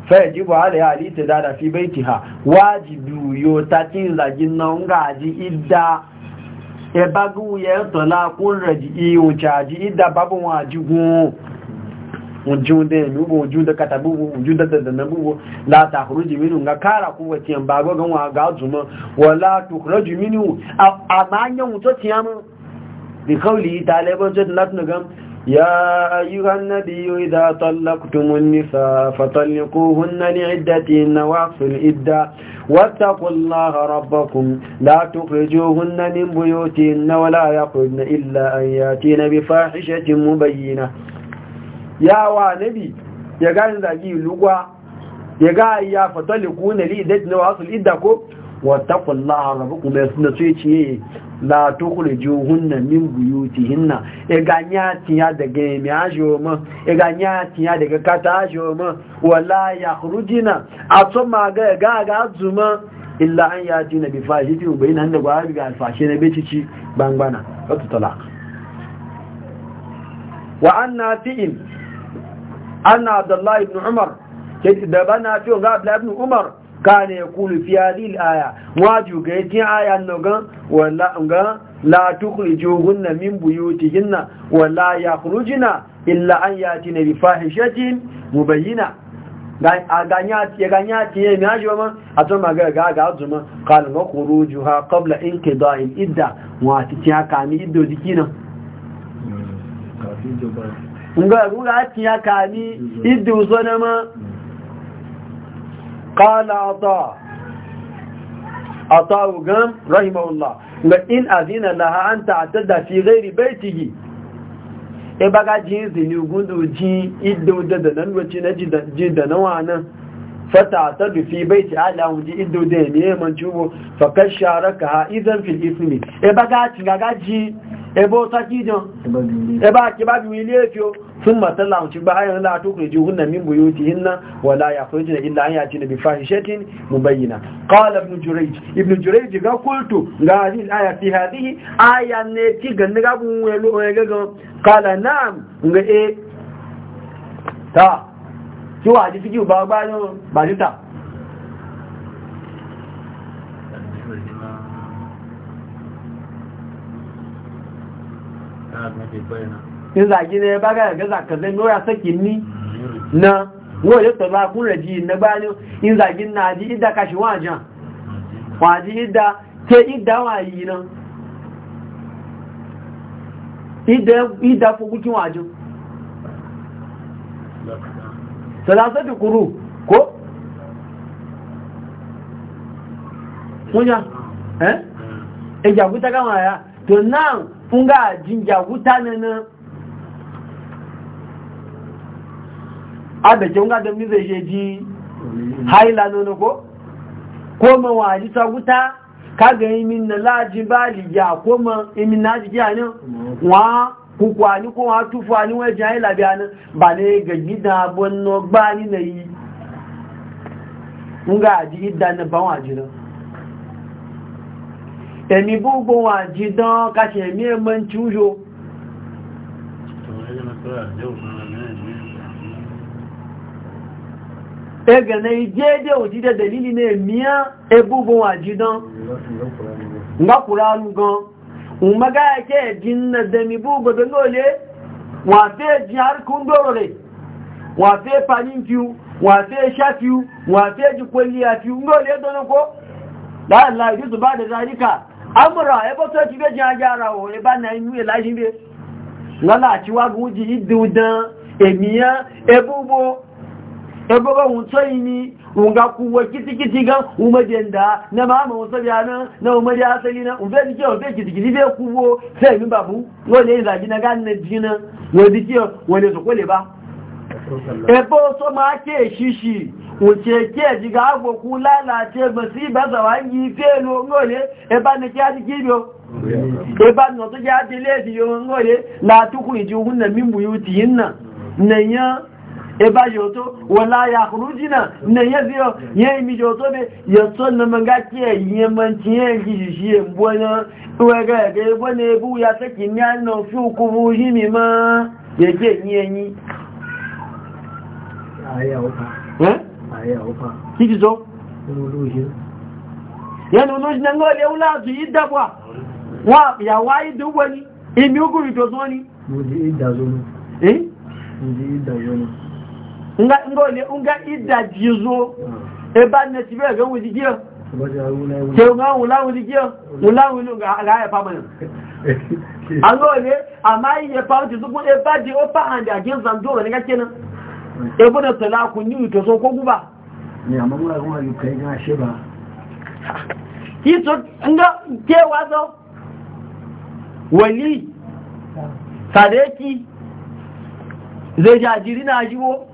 fẹ́ẹ̀ jí bọ̀ alẹ́ ya tẹ̀ dára fi bẹ́ ti ha wájìbì yóò ta tí ìlàjí náà ń wujude nubu wujude katabubu wujude dadanabubu la takhruju minhu ngakara kuwa tiyan bago gan wa ga zuma wala tukhraju minhu amanya muto tiyan bi qawli ta'ala ba jad natnu gam يا أيها النبي إذا طلقتم النساء فطلقوهن لعدتهن وعفوا الإدة واتقوا الله ربكم لا تخرجوهن من بيوتهن ولا يخرجن إلا أن ياتين بفاحشة مبينة ya wa nabi ya gani zagi lugwa ya ga ya fatali kuna li idat na wasu idda ko wattaqullaha rabbukum ya sunna sai ce la hunna min buyutihinna e ganya tiya daga mi ajoma e ganya tiya daga kata ajoma wala yakhrujina atuma ga ga ga zuma illa an yati na bifashiti ubayna da ga ga alfashe na bicici bangbana wata talaq wa anna ti'in أن عبد الله بن عمر دبنا فيه عبد الله عمر كان يقول في هذه الآية واجو قيتي آية أنه ولا لا تخرجوهن من بيوتهن ولا يخرجن إلا أن يأتين بفاحشة مبينة ya ganya tiye mai ajiye ma a tun magana ga ga azuma kalin ga kuro juha kabla in ke da'in idda wata ta kami iddo jiki nan nga ruga tiya kani mm-hmm. iddu sonama qala ata ata gam rahimahullah nga in azina laha an ta'tada fi ghairi baytihi e baga jin zini gundu ji iddu da da nan wace na ji da na wannan fata ta dufi bai ci ala hunji iddu da ne man cubo fa ka ha idan fil ismi e baga ci gaga ji ebo ta kijon e ba ki ba bi ile fi o sun matan lamunci ba ayyana la tukuri ji hunna min buyuti hinna wala ya kurji na illa an yaci na bifahi shetin mu bayyana qala ibn jurayj ibn jurayj ga kultu ga hadin aya fi hadihi aya ne ti ganni ga bun welo ga ga qala na'am ga e ta ki wa ji fiki ba ba ba ji ta Ah, maybe better now. in zagi na ya baga ga zakazai noya sakin ni na wọ́n yóò tọ̀lá fún rẹ̀ jí iná ní ìzàgí náà jí ìdá kàṣì wọ́n àjá wọ́n àjí ìdá tẹ ìdá wọ́n àyí iná ìdá fogún kí wọ́n àjọ kó múnyà káwọn àyá náà fún Ada ke wunga da mi zai je ji haila nono ko ko ma waji ta wuta kaga min na laji bali ya koma ma imin na ji ya ne wa ku kwani ko wa tufa ni wa ji haila biya ne ba ne ga gida bonno gba ni na yi nga ji idan na ba wa ji na èmi gbogbo wa ji dan ka se mi e mo nti ega na ije de oji de dalili na miya ebubu wa jidan nga kuranu gan umaga yake jin na demi bu gobe lole wa fe ji har ko la yi zuba da zalika amra e bo to ti be jara o e na inu e nga emiya ebubu eboga wuntsoyi ni unga kuwa kitikiti ga umajenda na mama wutsobi ana na umaji asali na umbe dikiyo umbe kitikiti be kuwo sai mi babu wole yin zaji na gani jina wole dikiyo wole so kwale ba ebo so ma ke shishi wuce ke jiga agbo ku lalace basi ba zawangi felo ngole eba ne kya dikiyo eba no to ya dile diyo ngole la tukun ji hunna min buyutiyin na nanya eba yoto wala ya khurujina ne yaziyo ye mi yoto be yoto na manga ki ye man ti ye gi ji ye bona we ga ge bona bu ya se ki ni no fi ku bu yi mi ma ye je ni yin aya opa eh aya opa ki ji zo oluji ye no no jina ngo le ula zu idabwa wa ya wa idu ni. imi ogun to ni mo ni eh mo idazo ni nga ngole hmm. nga idda jizo hmm. Ebe ba ne ti ga wudi giyo ke nga wula wudi giyo wula wulu ga ga ya pa angole ama ye pa ti zugo e di o pa hand against am do ne ga kenan e bona tala ku ni to so ko guba ne amma mura kuma yi kai ga shi ba ki to nga ke wazo wali hmm. sadeki zai jajiri na jiwo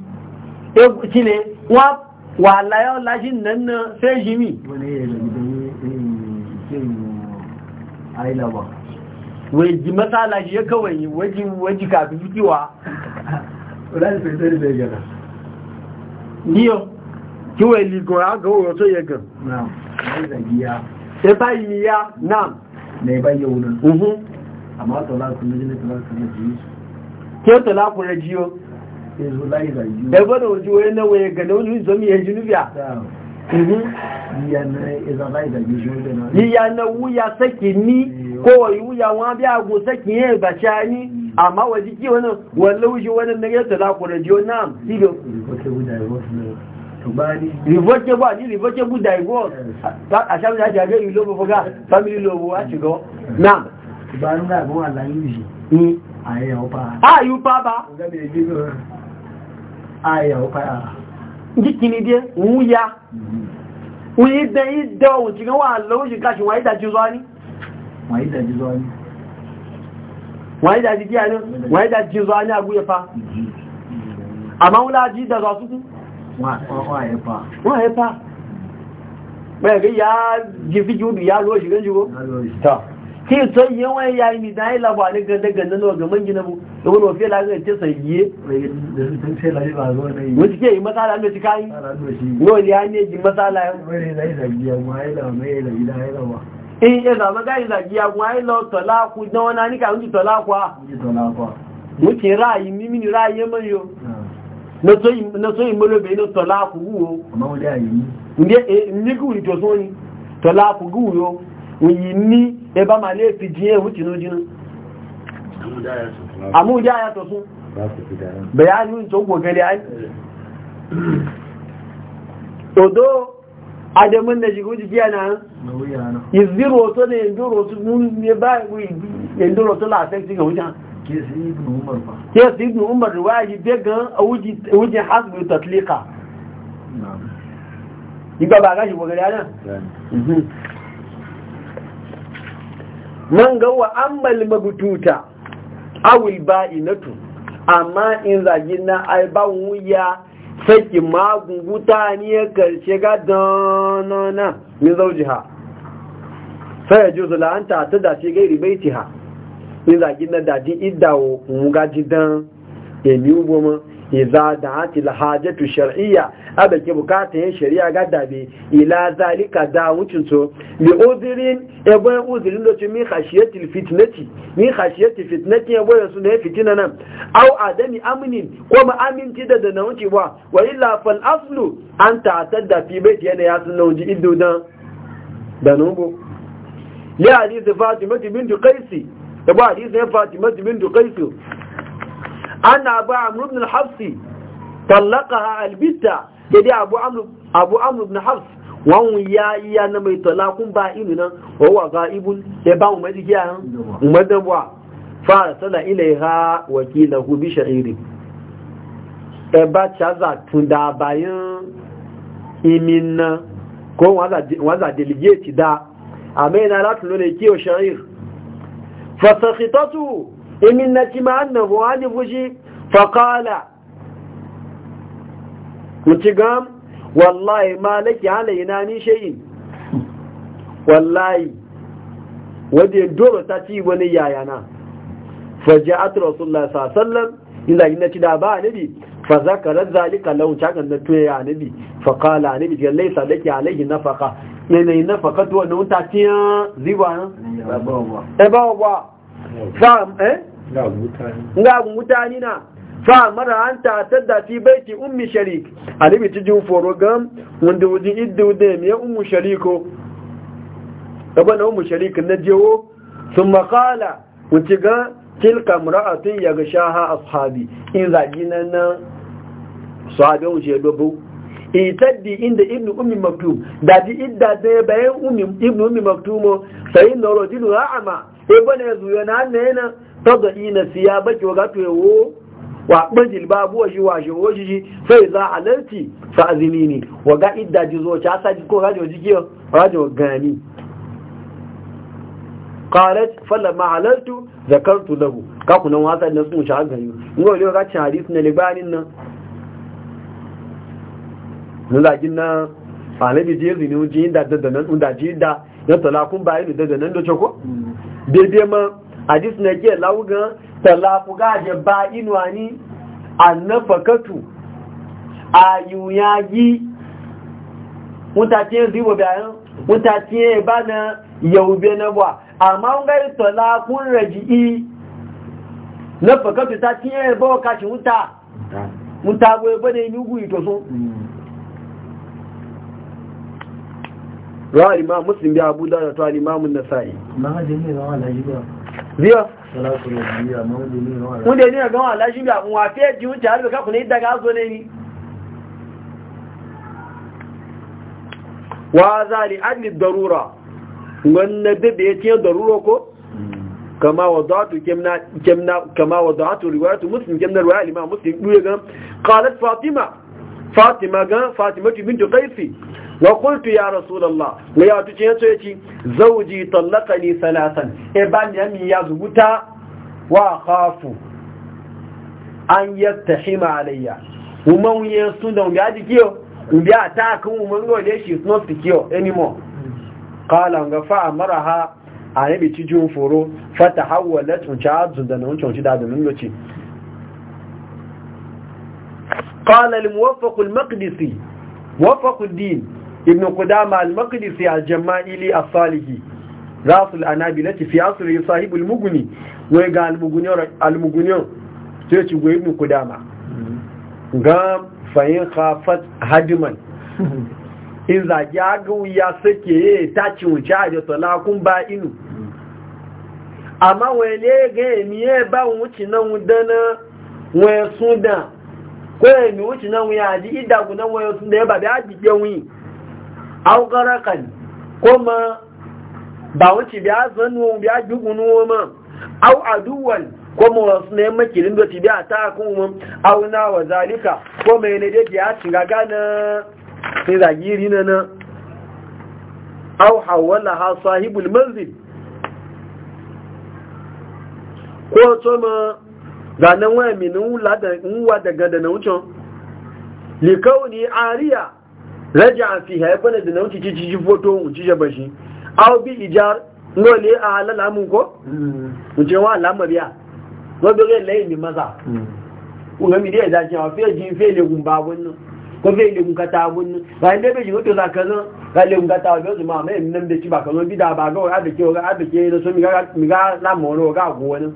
shi ne wa layo lashin nan na sai shi mi waji shi ya kawai waji waji kafin fitiwa niyo kiwai ligon aga oyo to yegan na ya e bayi ya na mhm. na ke na ẹgbọ́n òjú orí náà wọ́n gẹ̀lẹ́ ojú ìzọmí ẹjú níbíà yíya na wúya sẹ́kì ní kọwọ̀ wani wọn bí agun sẹ́kì yẹn ìbàṣẹ ní àmá wọ́n jí kí wọ́n náà wọ́n lówúṣe wọ́n divorce family aya o pa jikini die wuya uyi da ida o jigan wa lo ji ka wa ida ji zo wa ida ji zo ni wa wa ida ji zo ni aguye fa amma wula ji da zo su wa wa e pa wa e pa Bẹ́ẹ̀ ke son yawan yayi mi dai la ba ne ganda ganda no ga man gina mu da wani wafe ga ce sai yi la ba zo ne wuce ke masala ne cikai no ya ne ji masala ya bare eh, dai da giya mai ya la ba in ya zama ga ida giya mai la ku dan wani ni ka wuce tola kwa wuce tola kwa wuce ra'ayi mimi mai yo na so na so imolo be no tola ku ndi eh, ku ni to so ni ku ni ẹ ma máa lé fi jíẹ́ ìwú tìnú jínú àmújá ayàtọ̀ fún bẹ̀yà ní tó kò gẹ̀rẹ̀ òdó adẹ́mú nẹ̀ṣìkú jí kíyà ìzírò tó ní ìdúrò tó láàfẹ́ sí ìgbà gan gẹ̀rẹ̀ ayé man ga wa ammal mabututa awil ba'inatu amma in zagi na ai ba wuya saki magunguta ne ya karshe ga danana min zaujiha sai ya ji zulanta ta dace gairi baitiha in zagi na daji idawo mugaji dan emi uboma iza da hati lahajatu shar'iyya abe ke bukata yin shari'a ga dabe ila zalika da wucin so bi uzirin ebe uzirin da min khashiyatil fitnati min khashiyatil fitnati ebe yasu ne fitina nan au adami aminin ko ma aminci da da na wuce ba wa illa fal aslu an tadda fi bayti yana yasu na wuce iddo dan da nubu ya hadisi fatima bintu qaisi da ba hadisi fatima bintu qaisi أن أبا عمرو بن الحفصي طلقها البتة sai dai abu amru abu amru ibn hafs wọn ya iya na mai talakun kun ba inu nan wa ga ya ba umar jiya han umar da buwa fara sala ilaiha wakilahu bi sha'iri e ba chaza tunda bayan imin ko waza delegate da amena lati lo le kiyo sha'ir fasakhitatu imin na kima annahu ani fushi faqala ci gam wallahi ma laki halayina ni shayin wallahi wadda ya dole ta ci wani yayana faja'at rasulullah sallallahu alaihi wasallam inda ci da ba nabi fa zakarar zalika lahun cakan na tuye ya nabi fa kala nabi ga laisa laki alaihi nafaka yanayi nafaka tuwa na wuta tiya ziba na? ba ba ba eh, ba ba ba ba ba ba ba ba ba ba fa mara an ta tadda fi baiti ummi sharik bi tiju foro gam wanda wudi idda wudi me ummu shariko gaba na ummu sharik na jewo sun makala wuce ga tilka mura'atun ya ga shaha ashabi in zagi nan nan sahabi wuce dubu itaddi inda ibnu ummi maktum Da daji idda da bayan ummi ibnu ummi maktum sai na rajulu ra'ama ibn yana. nan tada na siya baki wa gato yawo wa bajil babu wa shi jiwo jiji sai za halarci fa azini ne wa ga idda jizo ta saji ko rajo jikiyo rajo gani qalat falamma halartu zakartu lahu ka kuna wasa na sun sha gani ngo le ga hadis na libanin nan lagin na alabi je zini uji inda da nan da ji da ya talakun bayin da da nan da choko mm. bebe ma hadis na ke lawugan talafu gaje ba inuwa ni annafakatu a yuyayi mutatiye zibo bayan mutatiye ba na yaube na ba amma ngai talafun raji'i nafakatu ta tiye ba kashi muta muta goye ba ne yugu to sun rawar imam muslim bi abu da ta imamun nasa'i na hajji ne rawar lajiba biyo wanda ne ga wa lashi ga wa fe ji wuce har ka kuna daga zo ne ni wa za zali adli darura wannan da ya ce darura ko kama wadatu kemna kemna kama wadatu riwayatu muslim kemna riwayat imam muslim duye ga qalat fatima fatima gan fatima tu bintu qaisi wa qultu ya rasulullah wa ya tuce yace yace zawji talaqani salatan e ban yami ya zubuta wa khafu an yattahima alayya kuma mun yi sunan ga dikiyo bi ata mu mun go da shi not secure anymore qala ga fa amaraha a yabi cijin foro fatahawwalat mutajjun da nan mutunci da mun yace قال الموفق المقدسي وفق الدين ابن قدامى المقدسي الجمائلي الصالحي رأس الأنابلة في عصر صاحب المغني ويقع المغني تيتي ابن قدامى قام فإن خافت هدما إذا جاءوا يسكي تاتي وشاهد طلاق miye ba wuce ميه wudana ودنا sudan kawai mai wuce nan wuya ji idda ku nan sun da ya ba da ya jiƙe wuyi augarakan kuma ba wuce biya zanu biya jugunu ma au aduwan kuma wasu ne makirin da ci biya ta kuma au na wa zalika kuma yana da biya shiga gana sai zagiri na na au hawala ha sahibul manzil ko tsoma zanen waya mai nuwa daga da naucin likauni ariya raja a fi haifar da nauci cici foto wuce jaba shi au bi ijar nole a halala mun ko? wuce mm. wa alamar ya wadda zai layi mai maza mm. ungami da ya zace wa fiye jin fiye legun babun nan ko fiye legun kata abun nan ba inda bai shi wato zaka nan ga legun kata abun yanzu ma mai nan da ci ba kano da ba ga wa abike wa abike na so mi ga lamu wani wa ga agowa nan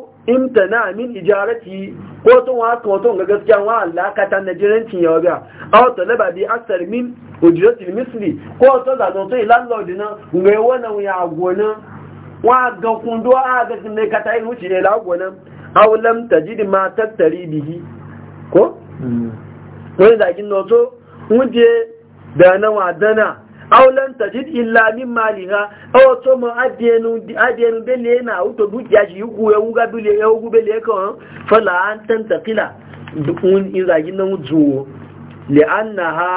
imtana min ijarati ko tun wa kan tun ga gaskiya wa Allah ka ta najirancin yawa ga aw talaba bi asar min ujrati misli ko to da don to landlord na ngai wannan ya gona wa ga kundo a ga ne ka ta yi wuce ne la gona aw lam tajid ma tattari bihi ko wani da kin no to mun je da na wadana aulan tajid illa min maliha aw to mo adienu adienu bele na uto dukiya ji ku ewu ga bele ewu bele kan fala an tantaqila dukun izagin nan zuwo li annaha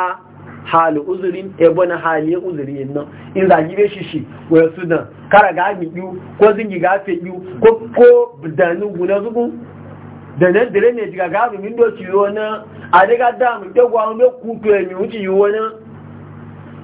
hali uzurin ebo na hali uzurin nan izagi be shishi wa sudan kara ga mi yu ko zingi ga fe yu ko ko danu guna zubu da nan dire ne diga ga mi ndo ci yo na adiga da mi dogwa mi ku to mi uti yo na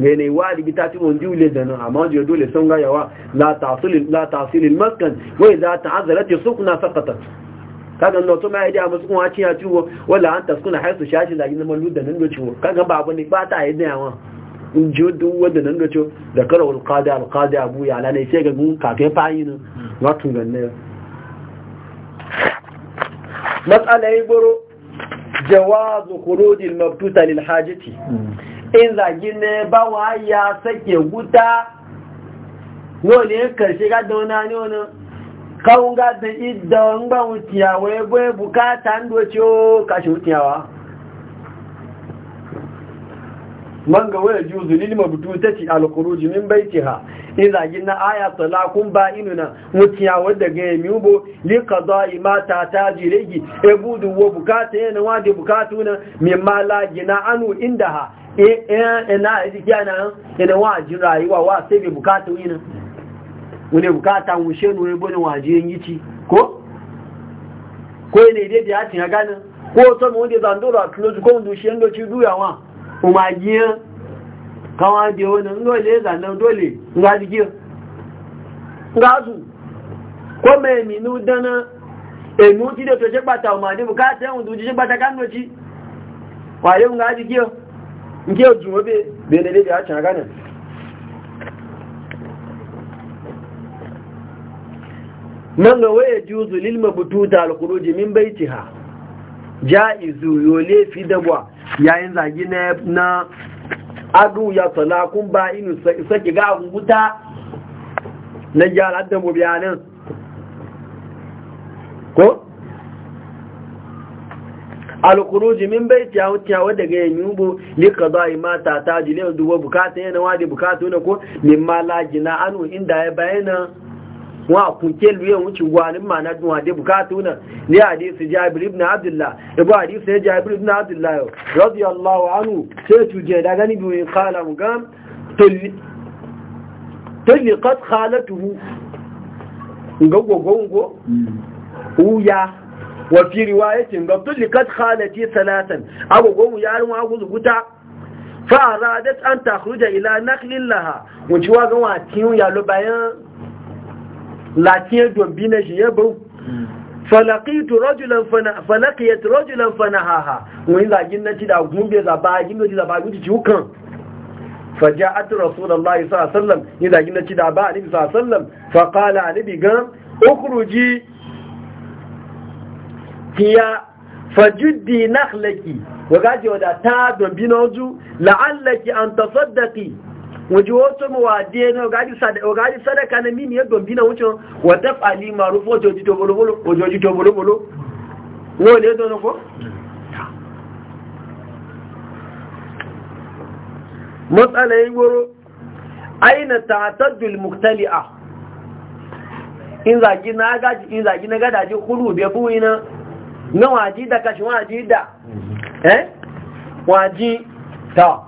gane wa da gita ti mun jule da nan amma jiya dole sun ga wa la tasil la tasil maskan wai za ta azalat sukna saqata kaga no to mai da musu kuma ci ya ciwo wala an taskuna haisu shashi da gina mallu da nan da ciwo kaga babu ne ba ta yi da yawa in ji wadda wadda nan da ciwo da karawul qadi al qadi abu ya lana sai ga gun kafe fayi ne wato ganne matsalai yi goro jawazu khurujil mabtuta lil hajati hmm. in zagi ne ba wa ya sake wuta yau ne karshe gada wani ne wani kawun gada idan ba wuciyawa ya bai bukata ndo ce o kashe wuciyawa man ga waya juzu lilima butu ta ci alkuruji min baiti ha izagin na aya talakun ba inu na mutiyawar daga yami ubo lika zai mata ta jiregi ebudu wa bukata yana e wade bukatu na mimma na anu inda ha ina e, e, jiki yana yana waji rayuwa wa sai bai bukata wina wani bukata wushe nuna bane waje yin yici ko ko ne dai da ya cin ko ko wanda duyawa umagiyan kawo da yawon nan zanen dole ga jikin ga ko mai minu dana emi ti da to se pata o ma ni bukata ehun du se pata kan nochi wa ye nga ji kio nke oju obe be le le ja chan gana nan ga waye ja izu mabututa al khuruj min baitiha jaizu yole fi dabwa yayin zagi na adu ya talakun ba inu saki ga wuta na gyara da mu biyanin ko alkuruji min bai tiyawa daga yin yubu ni ka zai mata ta jile dubo bukata yana wadi bukata yana ko min ma lajina anu inda ya bayana wa kunke luye wuce gwanin mana duwa da bukatu na ne hadisi jabir ibn abdullah ibu hadisi jabir ibn abdullah radiyallahu anhu sai tuje da gani biyu kala mu gam tulliqat khalatuhu ga gogongo mm. uya wa fi riwayatin ga tulli tulliqat khalati salatan agogon yarin wa guzuguta fa aradat an takhruja ila naqlin laha wuce wa ga wa tiyun ya lo bayan Lakin dombi na shi yabo falakitu rajulan falakiyat rajulan fanahaha wani zagin na ci da gumbe zaba gimbe ci zaba gumbe ci hukan faja'at rasulullahi sallallahu alaihi wasallam ni zagin na ci da ba alaihi sallallahu alaihi wasallam fa qala alaihi ga ukhruji kiya fajuddi nakhlaki wa gaji wada ta dombi na la'allaki an tasaddaqi waje wato mawade na ogaji sadaka na mini ya gombi na wucin wata fali marufu wajoji to bolobolo wọ́n lè dọ́nà fọ́ matsala yi woro aina ta'ataddul muktali'a in zagi na gaji in zagi na gadaji kuru be buyi na na waji da kashi waji da eh waji ta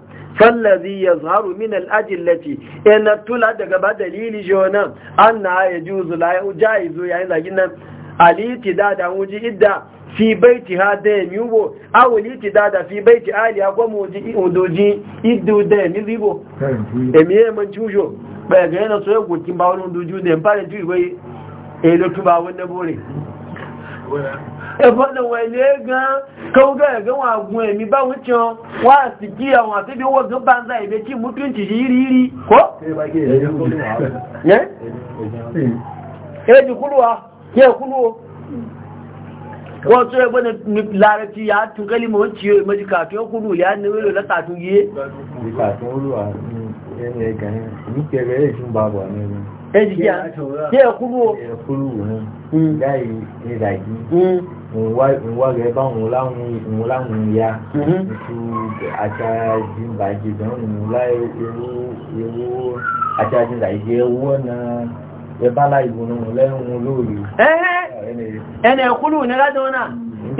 fallazi ya zaharu min al'ajillaci yana tula daga ba dalili jonan an na ya juzu jayizo yayin zagin nan aliti da da wuji idda fi baiti ha da ya miwo awuliti da da fi baiti aliya goma wuji da ya mizibo emiye man cujo bai ga yana soya gokin ba wani duju da ya fara juyi bai elotu eh, ba wani bore ẹ̀fọ́nà wọ̀ ilé gan kọ́wọ́gá ẹ̀gẹ́ wọn àgùn ẹ̀mí bá wọ́n tí wọ́n á sì kí àwọn àfẹ́bí owó gan bá ń dá ìbẹ̀ tí mútú ń tìṣe yìí rí kọ́ wọ́n tó ẹgbẹ́ lára ti yà á tún kẹ́lì mọ́ tí ó mẹ́jì ó yé ìwà rẹ̀ bá òun láwọn ya ìtú mm-hmm. àti àjìǹbà jìbẹ̀ òun láì ewu àti àjìǹbà ìjẹ́ owó náà ẹbá láì gbóná òun lẹ́hùn lóòrè. ẹnì ẹ̀kúrú ní ládùn náà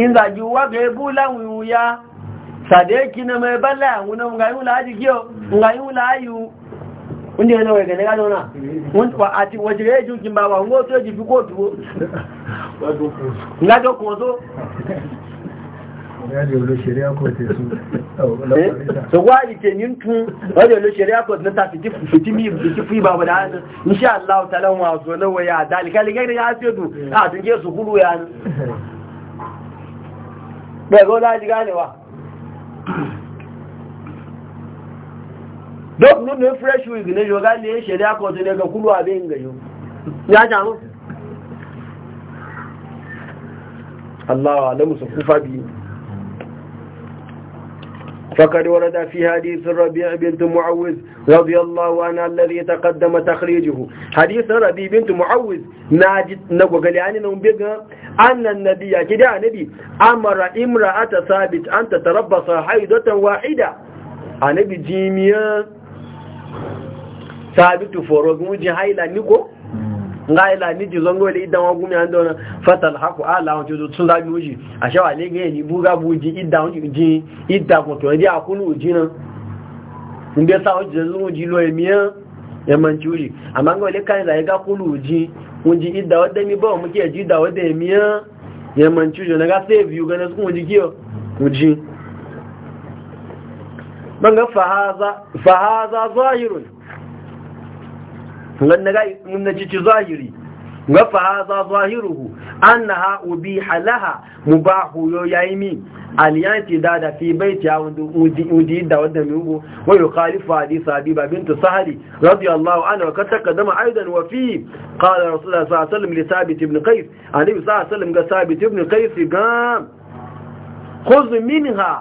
ìgbàjú wà rẹ̀ bú láwọn ìwù ya sàdéèkì náà ẹbá láì àwọn náà ń ga ìwù láàájú kí ọ mm. láàájú. wanda yana wai gane gano na wajen ya yi jirgin ba ba ngo to ji fi kotu ko ngado kuma so so kwa ike yin tun wajen lo shari'a ko na tafi fitimi biki fi ba da insha Allah ta lan wazo na waya dalikali gani ya fi du a tunje eh. ah, su kulu ya ni bai zo laji ganewa don nuna fresh wig na yoga ne ya shari'a kotu daga kulu abin gayo ya jamu Allah wa alamu kufa biyu فقد ورد في حديث ربيع بنت معوذ رضي الله عنه الذي تقدم تخريجه حديث ربيع بنت معوذ ناجد نغغلي يعني نبغا ان النبي كده النبي امر امراه ثابت ان تتربص حيضه واحده النبي جيميه sabitu foro gumu ji haila ni ko hmm. nga haila ni ji zongo le idan wa gumi ando na fatal haku ala on tudu tun labi uji a shawa le ge ni buga buji idan ji idan ko to ndi akunu uji na mbe sa o je zungu ji lo emiya ya manci uji amma ngo le kan da ga kulu uji unji idan wadda mi ba mu ke ji da wadda emiya ya manci uji na ga save you ga na sun kiyo uji banga fahaza fahaza zahirun wannan ga mun ci zahiri wa fa hadha zahiruhu annaha ubiha laha mubahu yaymi aliyati aliyanti da da fi baiti ya wundi da wanda mai ugo wa yukhalifu hadith habiba bint sahli radiyallahu anhu wa katakadama aidan wa fi qala rasulullah sallallahu alaihi wasallam li thabit ibn qais ali sallallahu alaihi ga thabit ibn qais ga khudh minha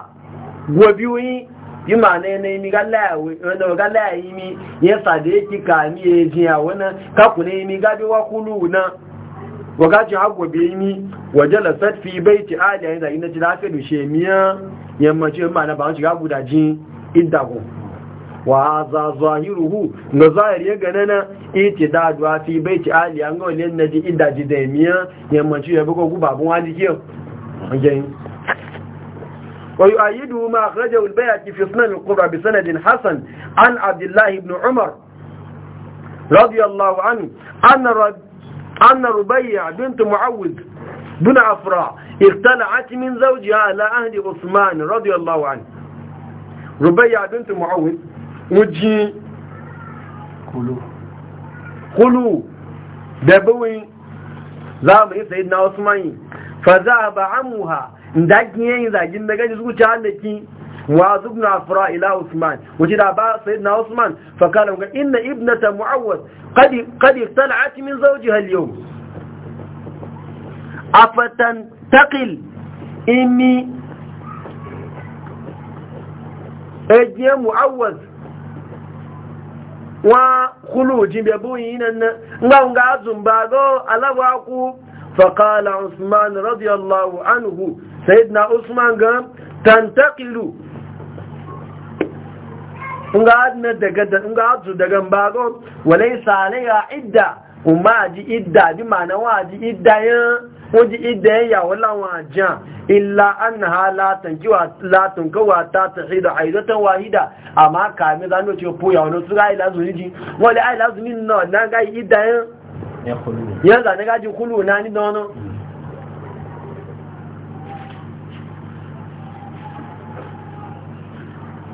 wa biwi yi ma na yanayi mi galaya yi mi ya sade yake ka mi ya jiya wani kaku na yi mi gabi wa kulu na wakacin agwabe yi mi waje lasat fi bai ti ali yayin zagi na ci lafiya da she miya yammaci yin ma na ba wani shiga gudaji idago wa za zahiruhu na zahiri ya gane na iti daduwa fi bai ti ali yayin ga wani ji idaji da miya yammaci ya buga gubabin wani kiyan ويؤيده ما أخرجه البيهقي في سنن القرى بسند حسن عن عبد الله بن عمر رضي الله عنه أن أن ربيع بنت معوذ بن عفراء اقتلعت من زوجها على أهل عثمان رضي الله عنه ربيع بنت معوذ وجي قلو قلو دبوي زامر إيه سيدنا عثمان فذهب عمها da kin yin zagin da gani zuciya annaki wa zubna afra ila usman wace da ba sayyidina usman fa kana ga inna ibnata muawwad qad qad tal'at min zawjiha al-yawm afatan taqil inni eje muawwad wa khuluji bi buyinan nga nga zumbago alawaku فقال عثمان usman radiyallahu anhu. sayyidina usman ga tantakilu nga adna daga da nga azu daga bago walaysa alayha idda umma ji idda ji mana wa ji idda ya oji idda ya wala wa ja illa annaha la tanjiwa la tunkawa ta tahida aidatan wahida amma kame zan no ce po ya wono su ga ila zuni ji wala ila zuni no na ga idda ya ya khulu ga na ga ji khulu na ni dono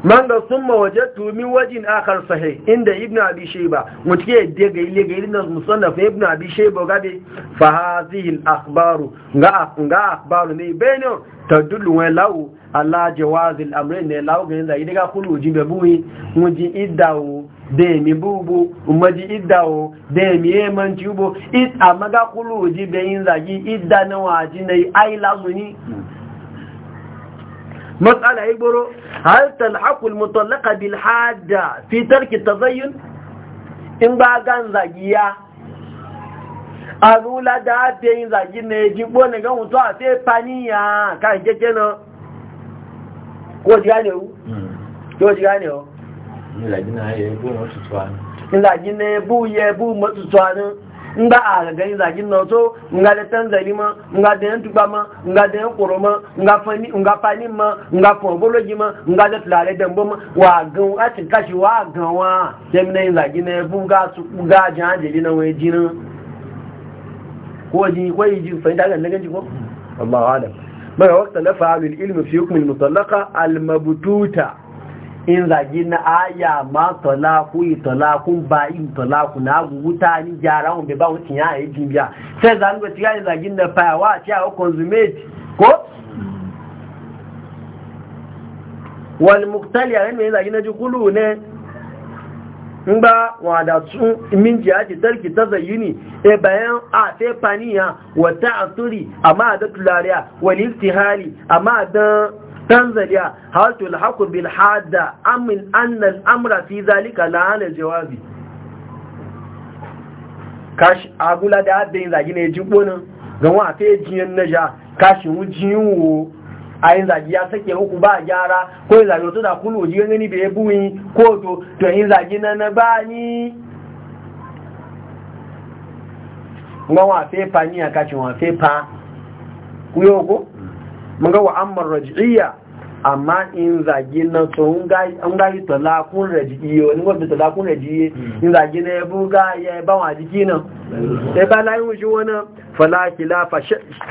man ga sun mawajattu min wajin akar sahih inda ibnu abi shayba mutke yadda ga ile ga irin musannaf ibnu abi shayba gabe fa hadhihi al akhbaru ga ga akhbaru ne bayno tadullu wa law ala jawaz al amrayn ne law ga zai daga kulu jibe buwi muji iddawo de mi bubu umaji iddawo de mi yeman tubo it amaga kulu jibe yin zagi idda na waji ne ai lazuni matsala ya gboro hal talhaqul mutallaqa bil hajja fi tarki tazayyun in zagiya a rula da zagi ne ji bone gan wuto a sai paniya kan keke na ko ji gane wu ko ji gane wu ni zagi na ya bu mututuwa ni zagi na bu ya bu mututuwa nga a gani zagin na so nga da tanzali ma nga da yan tuba ma nga da yan ma nga fani ma nga fobologi ma nga da tulare dambo ma wa gan a cin kashi wa gan wa jami na yin na yabu ga su ga jan ajali na wani jinin ko ji ko yi ji fahimta ga na ganci ko Allah alam mai wakta na fa'alul ilmi fi hukmin mutallaqa al-mabtuta in zagi na aya ma talaku yi talakun ba yi talaku na ta ni gyara bai ba wucin ya yi jibiya sai za mu ci gani zagi na fayawa a cewa consummate ko wani muktali a yanzu zagi na jikulu ne in ba wada su min jiya ce tarki ta zayyuni e bayan a sai faniya wata asuri amma da tulariya wani istihari amma da tanzaliya hal tulhaqu bil hadda amin anna al amra fi zalika la ala jawabi kash agula da abin zagi ne jibo nan ga wa fe jiyan naja kashin wujiyin wo ayin zagi ya sake huku ba gyara ko yin zagi to da kulu ji gani be buyi ko to to yin zagi na na ba ni ngwa wa fe pa ni akashin wa fe pa kuyo mun ga wa'ammar raj'iyya amma in zage na to an gayi talakun raj'iyya wani wadda talakun raj'iyya hmm. in zage na ya buga ya yi bawa jiki nan ya ba yi wuce wani falaki lafa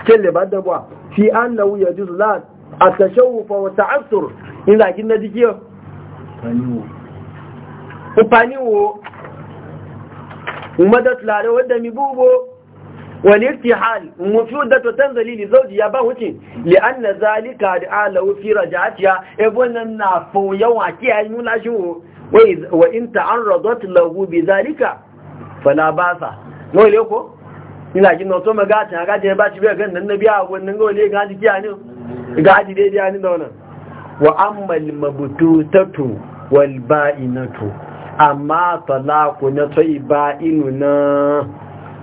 kelle ba da ba fi an lau ya juzu la a fa wa asur in zage na jiki yau Umar, umadat lare wadda mi bubo والارتحال مفيدة تنزلي لزوجها باوتين لأن ذلك لو في رجعتها ابونا نافو يوعكي المولا شو وإن تعرضت له بذلك فلا باسا نقول لكم ina jin na toma gata a gata ya ba ci biya gan nan na biya wannan gole ga ji kiya ne ga ji dai biya ni da wannan wa ammal mabututatu wal ba'inatu amma talaqu na taiba'inu na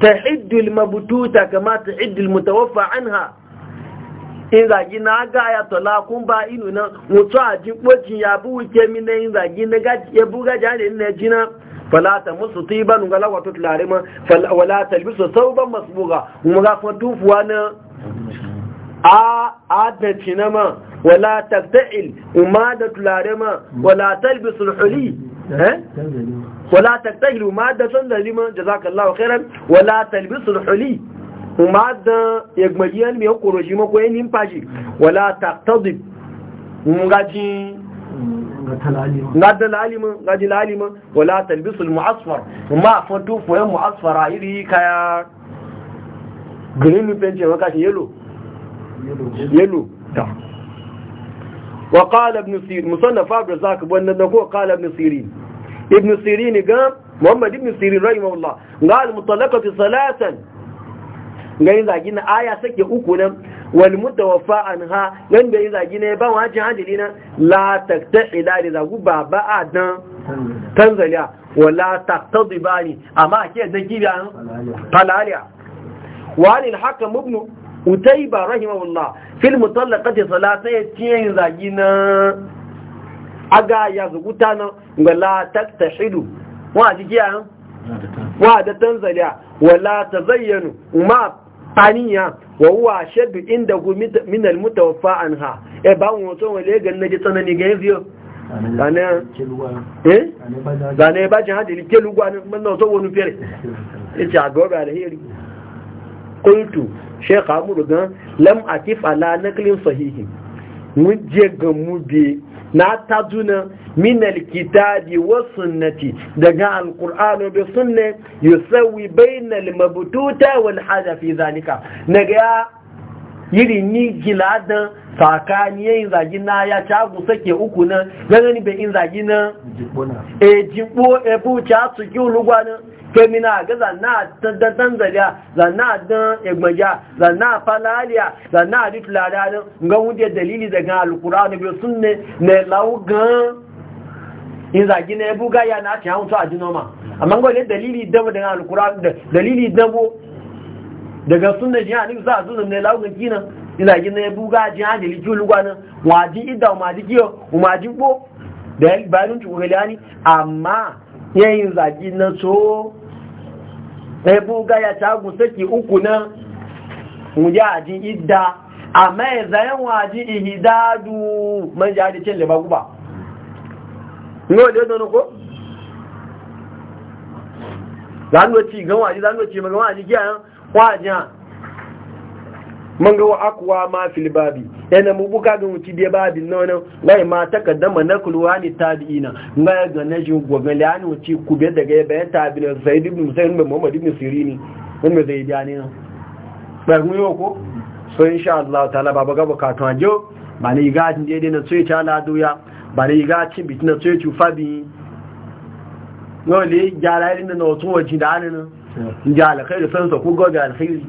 تعد المبتوتة كما تعد المتوفى عنها in zagi na ga ya tola kun ba inu na mutu a jin kwacin ya bu wuce mine na in zagi na ya buga jani na jina fala ta musu tiban ga lagwato tulare ma wala ta sau sauban masu buga kuma ga fa tufuwa na a adalci cinama wala ta ta'il umma da tulare ma wala ta bisu huli Eh? wala tattajiru ma'adatan zalima جزاك الله خيرا ولا huli الحلي yagmajiyar mai koroji mako yin nimfashi ولا تقتضب ngajin ngada lalima ngaji lalima wala talbisul mu'asfar ma fatu foye mu'asfara iri kaya green paint maka yellow yellow وقال ابن سيرين مصنف عبد الرزاق بنذكو قال ابن سيرين ابن سيرين قام محمد ابن سيرين رحمه الله قال مطلقه ثلاثا gani zagi ايه aya sake uku nan wal mutawaffa anha nan da yi zagi ne ba wajin hadiri nan la takta ila da zagu ba ba a dan tanzania wala taqtadi amma ake zagi da wa hakam ibn utaiba rahimahullah fil mutallaqati salatayn tiyin zagina aga ya zuguta nan ga la taktashidu wa jiya wa da tanzaliya wa la tazayyanu ma taniya wa huwa shadd inda min al mutawaffa anha e ba mu to wale ga je tsanani ga yanzu zane eh ne ba jin hadin kelugwa ne mun so wonu fere ita da alheri qultu shaykh amuru gan lam atif ala naqlin sahihi mun je ga mu na tajuna min alkitabi wa sunnati daga alqur'ani da sunne yusawi bayna almabtuta wal hada fi zalika naga yiri ni giladan tsakani yin zagi na ya cagu sake uku nan ganin bai in zagi na e ebu e bu ca kemina ga zanna dan tanzaliya zanna dan egmaja zanna falaliya zanna ditulada dan ga wunde dalili daga alqur'ani bi sunne ne laugan in zagi ne buga ya na ta hunto noma amma ga ne dalili dabo daga alqur'ani dalili dabo daga sunna ji ani za su ne laugan kinan in zagi ne buga ji ani likulu gwanin waji idda waji kiyo waji bo da bayan tukulani amma yayin zagi na so ebu ga ya tagun saki uku na muje aji idda amma ya zayen waji ihidadu man ji adi da liba guba yau da yadda ko? zanuwa ci gan waji zanuwa ci magan waji aji wajen man ga wa akwa ma fil babi yana mu buka ga muti da babin nono ngai ma takaddama na kulwani tabiina ngai ga naji gogan lani kube daga zaid ibn musayyib muhammad ibn sirini mun me na ba mu yo ko so insha Allah ta'ala baba ga bukatu ajo ba ni ga tin dai na tsoyi ta la doya ba ni ga tin bitina tsoyi tu fabi no le jara irin na otun wajin da anan ja alkhairi sansa ku ga alkhairi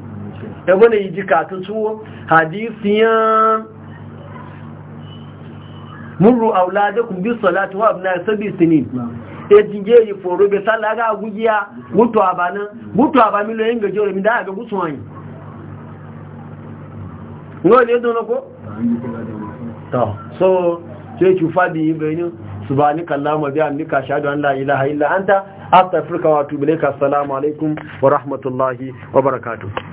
ebe na yi ji katun su hadisiyan murru auladakum bi salatu. wa abu na abna sabi sinin e jinje yi foro be salaga gugiya gutu abana gutu abami lo yinga jore mi da ga gutu wani ngo le do ko Ta so ce ki fadi be ni subhanaka allahumma bi amnika ashhadu an la ilaha illa anta astaghfiruka wa atubu ilayka assalamu alaikum wa rahmatullahi wa barakatuh